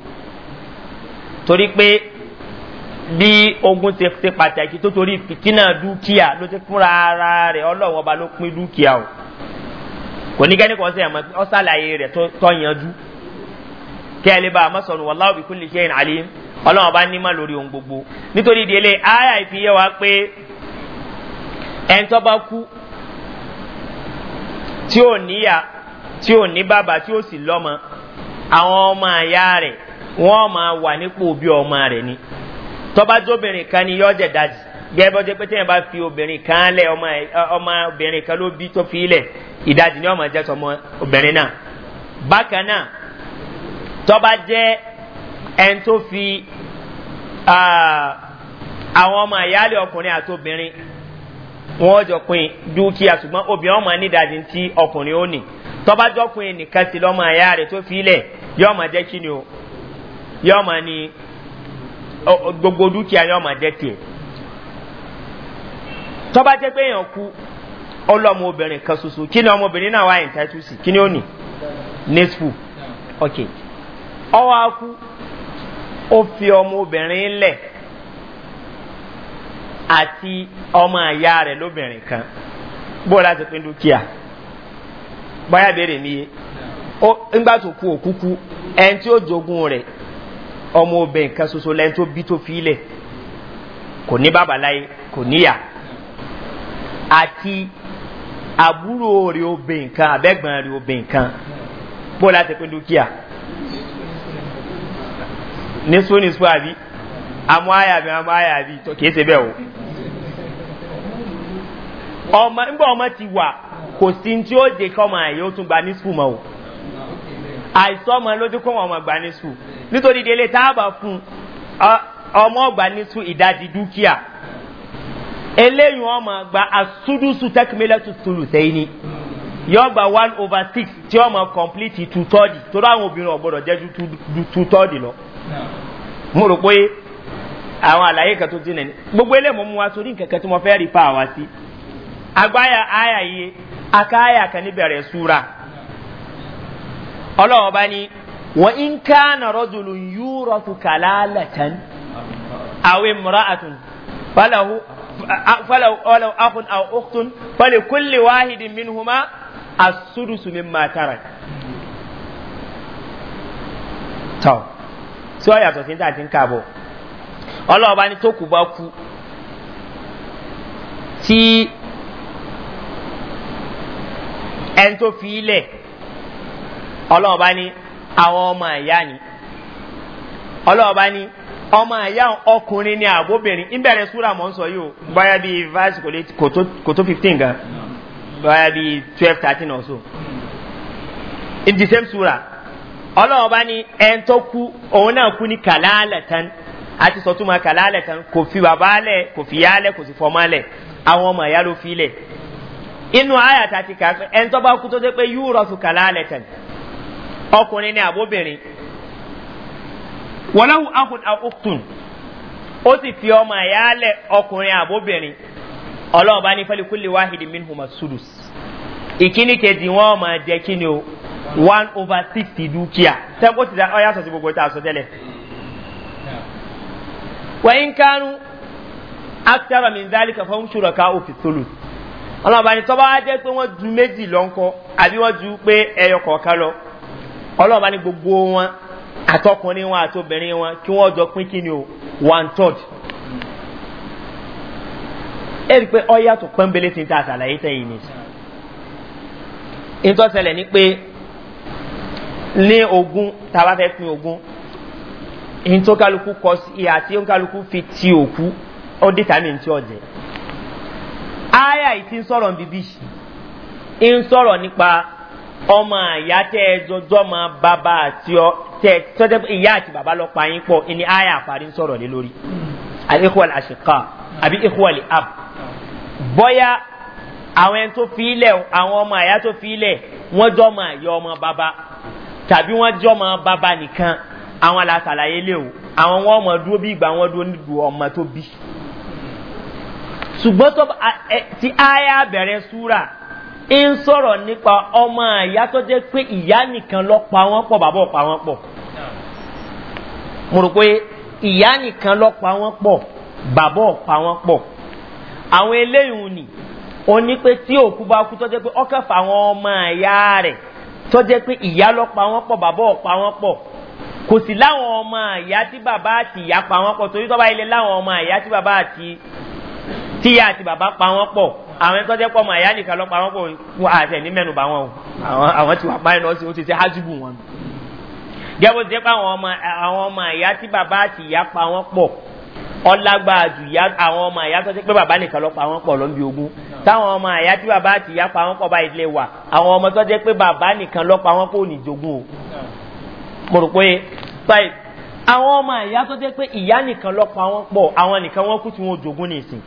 tori pe bí ogun ṣe ṣe pàtàkì tó torí fìtínà dúkìá ló kò ní kẹ́ni kan sẹ́yìn ọ sàlàyé rẹ̀ tó yanjú kí ẹ lè bá a má sọ̀rọ̀ wàláwù bí kúlì ṣe ń àlè ọlọ́run bá ní má lórí ohun gbogbo nítorí ìdílé aya ìfiyẹ wa pé ẹni tó bá kú tí ò níyà tí ò ní bàbá tí ò sì lọ́mọ àwọn ọmọ àyà rẹ̀ wọ́n máa wà nípò bí ọmọ rẹ̀ ni tọ́ba kan ni yọ́ọ́ jẹ̀ dájì gẹ́gẹ́ jẹ́ pé tẹ́yìn bá fi obìnrin kan lẹ̀ ọmọ obìnrin kan ló bí tó fi lẹ̀ ìdajì ni ọmọ jẹ́ tọmọ obìnrin náà bákan náà tọ́ba jẹ́ ẹni tó fi àwọn ọmọ ìyáálé ọkùnrin àti obìnrin wọn jọ pin dúkìá ṣùgbọ́n obìnrin ọmọ nídàájí tí ọkùnrin ó nì tọ́ba jọkùnrin nìkan sí lọ́mọ ẹ̀yà rẹ̀ tó fi lẹ̀ yọ ọmọ jẹ́ kí ni o yọ ọmọ ni gbogbo dúkìá yọ ọmọ jẹ́ tiẹ̀. tọ́ba jẹ́ pé èèyàn kú ọlọ́mọ obìnrin kan ṣoṣo kí ni obìnrin náà wá entitled sí kí ni ó nì nesfu ok ọwọ́ akú ó fi obìnrin lẹ̀ àti ọmọ àyà rẹ̀ lóbìnrin kan bó láti pín dúkìá báyà béèrè mi yé ó ńgbà tó kú òkúkú ẹni tí ó jogún rẹ̀ ọmọ obìnrin kan ṣoṣo lẹ́ni tó bí tó fi lẹ̀ kò ní bàbá láyé kò níyà. àti àbúrò rẹ̀ obìnrin kan àbẹ́gbọ̀n rẹ̀ obìnrin kan bó láti pín dúkìá nísú nísú àbí àmú àyàbí àmú àyàbí tó kìí ṣe bẹ́ẹ̀ o ọmọ nígbà ọmọ ti wà kò sí tí ó jẹ kọ́ ọmọ àyè ó tún gba ní sùkúù mọ́ o àìsàn ọmọ lójú kó wọn ọmọ gba ní sùkúù nítorí délé tá a bá fún ọmọ ọgbà ní sùkúù ìdajì dúkìá eléyìí wọn máa gba asudusu tẹkimilẹtu tulu sẹyìn ni yọ gba one over six tí wọn máa complete two third torí àwọn obìnrin ọgbọdọ jẹ ju two third lọ mo rò pé àwọn àlàyé kan tó ti nà gbogbo eléyìí mo mú wa sórí nǹkan tí mo fẹ́ rí pa àwa sí agbáya àyà yìí aka àyà kan níbẹ̀rẹ̀ súra ọlọ́wọ́ bá ní wọ́n ń ká nàrọ́dùlù yúrọ̀tù kàlálàtàn àwọn ìmúra àtùn فلو ولو أخ أو أخت فلكل واحد منهما السدس مما ترك tọ́ tí wọ́n yàtọ̀ sí ní àti ń kàbọ̀ ọlọ́ọ̀bá ní tó kù bá kú tí ẹni tó fi ilẹ̀ ọlọ́ọ̀bá ní àwọn ọmọ ẹ̀yá ni ọlọ́ọ̀bá ní ọmọ àyà ọkùnrin ni àbóbìnrin ìbẹ̀rẹ̀ súra mọ́ ń sọ yìí o báyà bí vice kò tó fifteen gan báyà bí twelve thirteen or so in the same súra ọlọ́run bá ní ẹn tó kú òun náà kú ní kàlálẹ̀ tán àti sọtúmọ̀ kàlálẹ̀ tán kò fi bàbá lẹ̀ kò fi yá lẹ̀ kò sì fọmọ́ lẹ̀ àwọn ọmọ àyà ló fi lẹ̀ inú àyà tá a ẹn tó bá kú tó dé pé yóò rọ̀ wọláwù ahùn àkùtùn ó sì fi ọmọ àyálẹ̀ ọkùnrin àbóbìnrin ọlọ́run bá ní fẹ́lẹ́kúlẹ̀ wáhìdì minhum sudus ìkíní kejì wọn ọmọ jẹ kíni o one over sixty dúkìá sẹ́kó ti da ọ yà sọ sí gbogbo ìta àsọ tẹ́lẹ̀. wẹ́n kánú akitara minzali kẹfọ́ ń ṣòro ká òfin sólù ọlọ́run bá ní tọ́ba á jẹ́ pé wọ́n ju méjì lọ́nkọ́ àbí wọ́n ju pé ẹyọ lọ ọlọ́run ní gbogbo wọn àtọkùnrin wọn àti obìnrin wọn kí wọ́n jọ pín kí ni o one third ẹ rí i pé ọyá tó pẹ́ńbélé ti ń ta àṣàlàyé tẹ̀yìn ni ìtọ́sẹ̀lẹ̀ ni pé ní ogún tàbá fẹ́ pin ogún ìyìn kọ sí ìhà tí ó fi ti òkú ó dìtàmì tí ọ̀jẹ̀ aya yìí ti ń sọ̀rọ̀ bíbí ń sọ̀rọ̀ nípa ọmọ àyátẹ́ ẹjọ́jọ́ máa bàbá àti tẹ tọ́jẹ́ ìyá àti bàbá lọ pa yín pọ̀ ẹni àyà àparí ń sọ̀rọ̀ lé lórí àìkúwàlì àṣìkà àbí ìkúwàlì ab bọ́yá àwọn ẹni tó fi ilẹ̀ àwọn ọmọ àyà tó fi ilẹ̀ wọ́n jọ́ ọmọ àyọ ọmọ bàbá tàbí wọ́n jọ́ ọmọ bàbá nìkan àwọn alásàlàyé lè o àwọn wọn ọmọ dúró bí ìgbà wọn dúró nídùú ọmọ tó bí ṣùgbọ́n tó ti àyà bẹ̀rẹ̀ súrà ń sọ̀rọ̀ nípa ọmọ àyá tó jẹ́ pé ìyá nìkan lọ pa wọ́n pọ̀ bàbá pa wọ́n pọ̀ mo rò pé ìyá nìkan lọ pa wọ́n pọ̀ bàbá pa wọ́n pọ̀ àwọn eléyìí ni ó ní pé tí òkú bá kú tó jẹ́ pé ọkàn fà àwọn ọmọ àyá rẹ̀ tó jẹ́ pé ìyá lọ pa wọ́n pọ̀ bàbá pa wọ́n pọ̀ kò sí láwọn ọmọ àyá tí bàbá àti ìyá pa wọ́n pọ̀ torí tó bá ilé láwọn ọmọ àyá tí bàbá àti tíyà àti bàbá pa wọ́n pọ̀ àwọn ẹ̀kọ́ jẹ́ pọ̀ mọ̀ àyà nìkan lọ pa wọ́n pọ̀ wọ́n àti ẹ̀ mẹ́nu bá wọn o àwọn ti wà báyìí lọ sí o ti ṣe ájúbù wọn. gẹ́gbó ti jẹ́ pé àwọn ọmọ àwọn ọmọ àyà tí bàbá àti ìyá pa wọ́n pọ̀ ọlágbá àjù ìyá àwọn ọmọ àyà tó ṣe pé bàbá nìkan lọ pa wọ́n pọ̀ lọ́nbi ogun táwọn ọmọ àyà tí bàbá àti ìyá pa wọ́n pọ̀ bá ilé wa àwọn ọmọ tó jẹ́ pé bàbá nìkan lọ pa wọ́n pọ̀ òní jogun o. mo rò pé àwọn ọmọ ìyá tó jẹ́ pé ìyá nìkan lọ́pọ̀ àwọn pọ̀ àwọn nìkan wọ́n kú tí wọ́n jogún ní ìsìn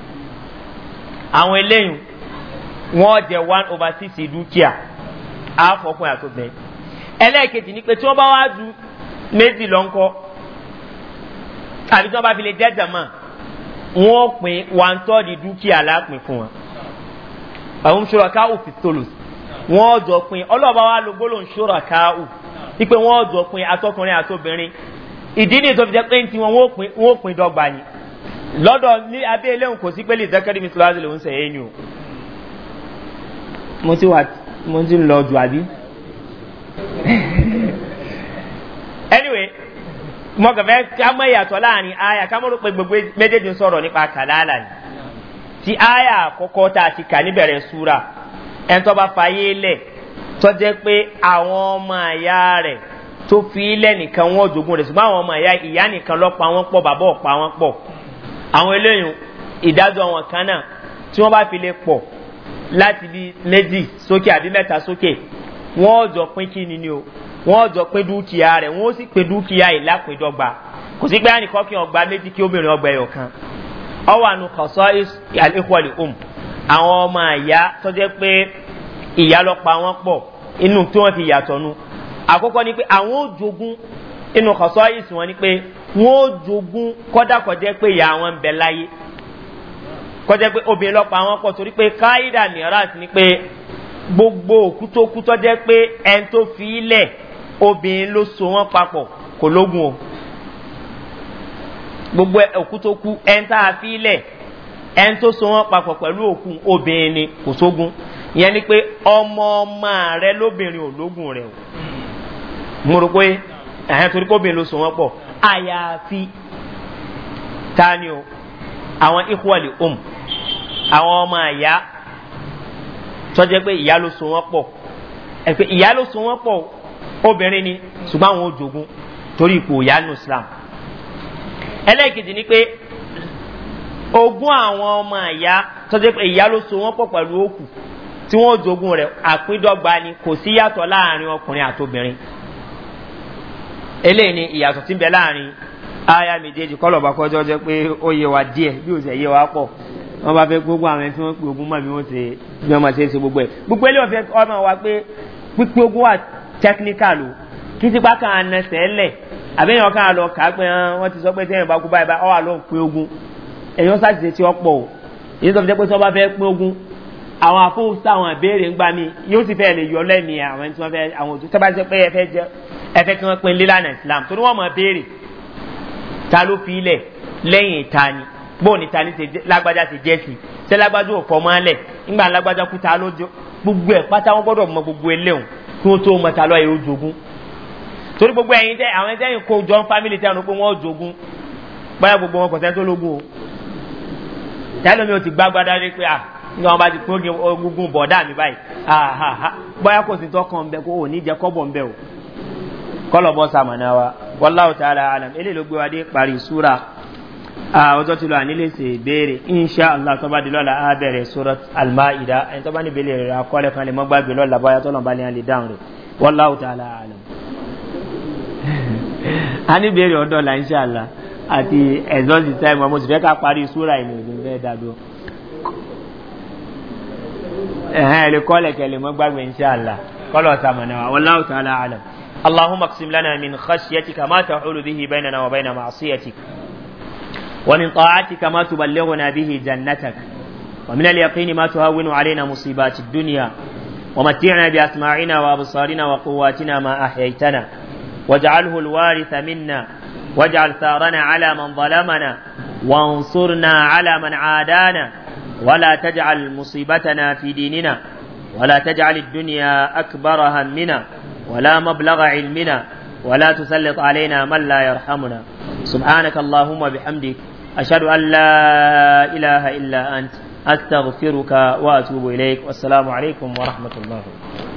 àwọn eléyìn wọ́n jẹ́ one over six dúkìá àfọkùn àtògbẹ́ ẹlẹ́ẹ̀kejì ni pé tí wọ́n bá wá ju méjì lọ́nkọ́ àbí tí wọ́n bá fi lè jẹ́jà mọ́ wọ́n pín one third dúkìá lápín fún wọn àwọn ṣòrọ̀ká òfin tolò wọ́n jọ pin ọlọ́ọ̀bá wa lo gbólóhùn ṣòrọ̀ká ò wípé wọ́n jọ pin atọ́kùnrin àtobìnrin ìdí ni tó fi jẹ́ pé tí wọn ó pin dọ́gba ni lọ́dọ̀ ní abẹ́ eléhùn kò sí pé lè zakari mi sọ́lá lòún ṣe é ni o mo ti wà mo ti lọ jù àbí. <laughs> anyway mo kàn fẹ́ ká mọ ìyàtọ̀ láàrin aya ká mọ̀ rò pé gbogbo méjèèjì ń sọ̀rọ̀ nípa kàlálà ni ti aya àkọ́kọ́ tá a ti kà níbẹ̀rẹ̀ súra ẹni bá fàyè lẹ̀ tó pé àwọn ọmọ àyà rẹ̀ tó fi ilẹ̀ nìkan wọ́n jogun rẹ̀ ṣùgbọ́n àwọn ọmọ ìyá ìyá nìkan lọ́ pa wọ́n pọ̀ bàbá ọ̀pá wọ́n pọ̀ àwọn eléyìí ìdájọ́ wọn kan náà tí wọ́n bá fi lè pọ̀ láti bí méjì sókè àbí mẹ́ta sókè wọ́n jọ pín kí ni ni o wọ́n jọ pín dúkìá rẹ̀ wọ́n sì pín dúkìá yìí lápèdọ́gba kò sí pé ànìkan kí ọgbà méjì kí obìnrin ọgbà ẹ̀yọ̀ kan ọwọ́ àánú kọ̀sọ́ àkọ́kọ́ ni pé àwọn ò jogún inú kọ̀sọ́ ìsìn wọn ni pé wọn ò jogún kọ́dà kọjá pé ìyá wọn ń bẹ láyé kọjá pé obìnrin lọ́pọ̀ àwọn pọ̀ torí pé káyidà mìíràn ni pé gbogbo òkú tó kú tọ́jẹ́ pé ẹni tó fi ilẹ̀ obìnrin ló so wọn papọ̀ kò lógun o gbogbo òkú ẹni tá a fi ilẹ̀ ẹni tó so wọn papọ̀ pẹ̀lú òkú obìnrin ni kò sógun ìyẹn ni pé ọmọ ọmọ rẹ lóbìnrin ò lógun rẹ o mo rò pé ẹ̀hẹ́n torí kóbìnrin ló so wọ́n pọ̀ àyàfi tani o àwọn ikwali om um. àwọn ọmọ àyà tọ́jẹ́ pé ìyá ló so wọ́n pọ̀ ẹ̀pẹ́ ìyá ló so wọ́n pọ̀ obìnrin ni ṣùgbọ́n àwọn òjògùn torí ipò ìyá nù islam ẹlẹ́ẹ̀kejì ni pé ogún àwọn ọmọ àyà tọ́jẹ́ pé ìyá ló so wọ́n pọ̀ pẹ̀lú òkú tí wọ́n jogun rẹ̀ àpíndọ́gba ni kò sí yàtọ̀ láàrin ọkùnrin àtobìnrin eléyìí ni ìyàtọ̀ tí ń bẹ láàrin aya méjèèjì kọlọ̀ bá kọjọ́ jẹ́ pé ó yẹ wa díẹ̀ bí ó sì yẹ wa pọ̀ wọ́n bá fẹ́ gbogbo àwọn ẹni tí wọ́n pè ogun mọ̀ bí wọ́n ṣe bí wọ́n máa ṣe é ṣe gbogbo ẹ̀ gbogbo eléyìí ọ̀fẹ́ ọmọ wa pé pípé ogun wà technical o kí ti pa kan ànẹsẹ̀ lẹ̀ àbẹ́yẹn kan lọ kà á pé wọ́n ti sọ pé tẹ́yìn bá kú báyìí bá ọ̀ àlọ́ pé àwọn àfọwọ́sọ ń gbà mí yóò ti fẹ́ lè yọ lẹ́mìí àwọn tí wọ́n fẹ́ àwọn òtún tẹ́ bá ti pé ẹ fẹ́ jẹ́ ẹfẹ kí wọn pin lílànà islam torí wọn mọ béèrè ta ló fi ilẹ̀ lẹ́yìn ìta ni bó ni ta ni lágbájá ti jẹ́ sí ṣé lágbájá ò fọmọ́ alẹ̀ ńgbà lágbájá kú ta ló jọ gbogbo ẹ̀ pátá wọn gbọ́dọ̀ mọ gbogbo eléhùn kí wọ́n tó mọ ta lọ́ọ́ yóò jogún torí gbogbo ẹ̀yin tẹ àwọn ẹ̀jẹ̀ yìí kó jọ ń fámìlì tẹ̀ ọ̀nà pé wọ́n jogún báyà gbogbo wọn kò sẹ́ni tó lógún o tẹ́lẹ̀ mi ò ti gbágbádá rí pé à ní wọn bá ti kó ogun bọ̀dá mi báyìí báyà kò sì tọkàn bẹ kó ò ní jẹ kọ́bọ̀ ń bẹ o kọlọ̀bọ̀ sàmọ̀nà wa wọ́láwọ̀ tààlà alam ilé ló gbé wa dé parí súra ọjọ́ tí lọ ànílé sí ìbéèrè inṣá allah tó bá di lọ́la á bẹ̀rẹ̀ súra almaida ẹni tó bá ní ìbéèrè rẹ̀ akọ́lẹ̀ kan lè mọ́ gbàgbé lọ́la báyá tó náà bá ní alẹ́ dáhùn rẹ̀ wọ́láwọ̀ tààlà alam. a ní ìbéèrè ọ̀dọ́ la inṣá allah àti ẹ̀zọ́ ti tẹ́ mọ́ mo sì fẹ́ ká parí súra ìmọ̀ ìlú bẹ́ẹ̀ dàdó ẹ̀hẹ́n ẹ̀rẹ̀ kọ́lẹ̀ kẹ́lẹ̀ mọ́ gbàgbé inṣá allah kọ́lọ̀ sàmọ̀nà wa wọ́láwọ̀ tààlà اللهم اقسم لنا من خشيتك ما تحول به بيننا وبين معصيتك ومن طاعتك ما تبلغنا به جنتك ومن اليقين ما تهون علينا مصيبات الدنيا ومتعنا بأسماعنا وأبصارنا وقواتنا ما أحييتنا واجعله الوارث منا واجعل ثارنا على من ظلمنا وانصرنا على من عادانا ولا تجعل مصيبتنا في ديننا ولا تجعل الدنيا أكبر همنا ولا مبلغ علمنا ولا تسلط علينا من لا يرحمنا سبحانك اللهم بحمدك أشهد أن لا إله إلا أنت أستغفرك وأتوب إليك والسلام عليكم ورحمة الله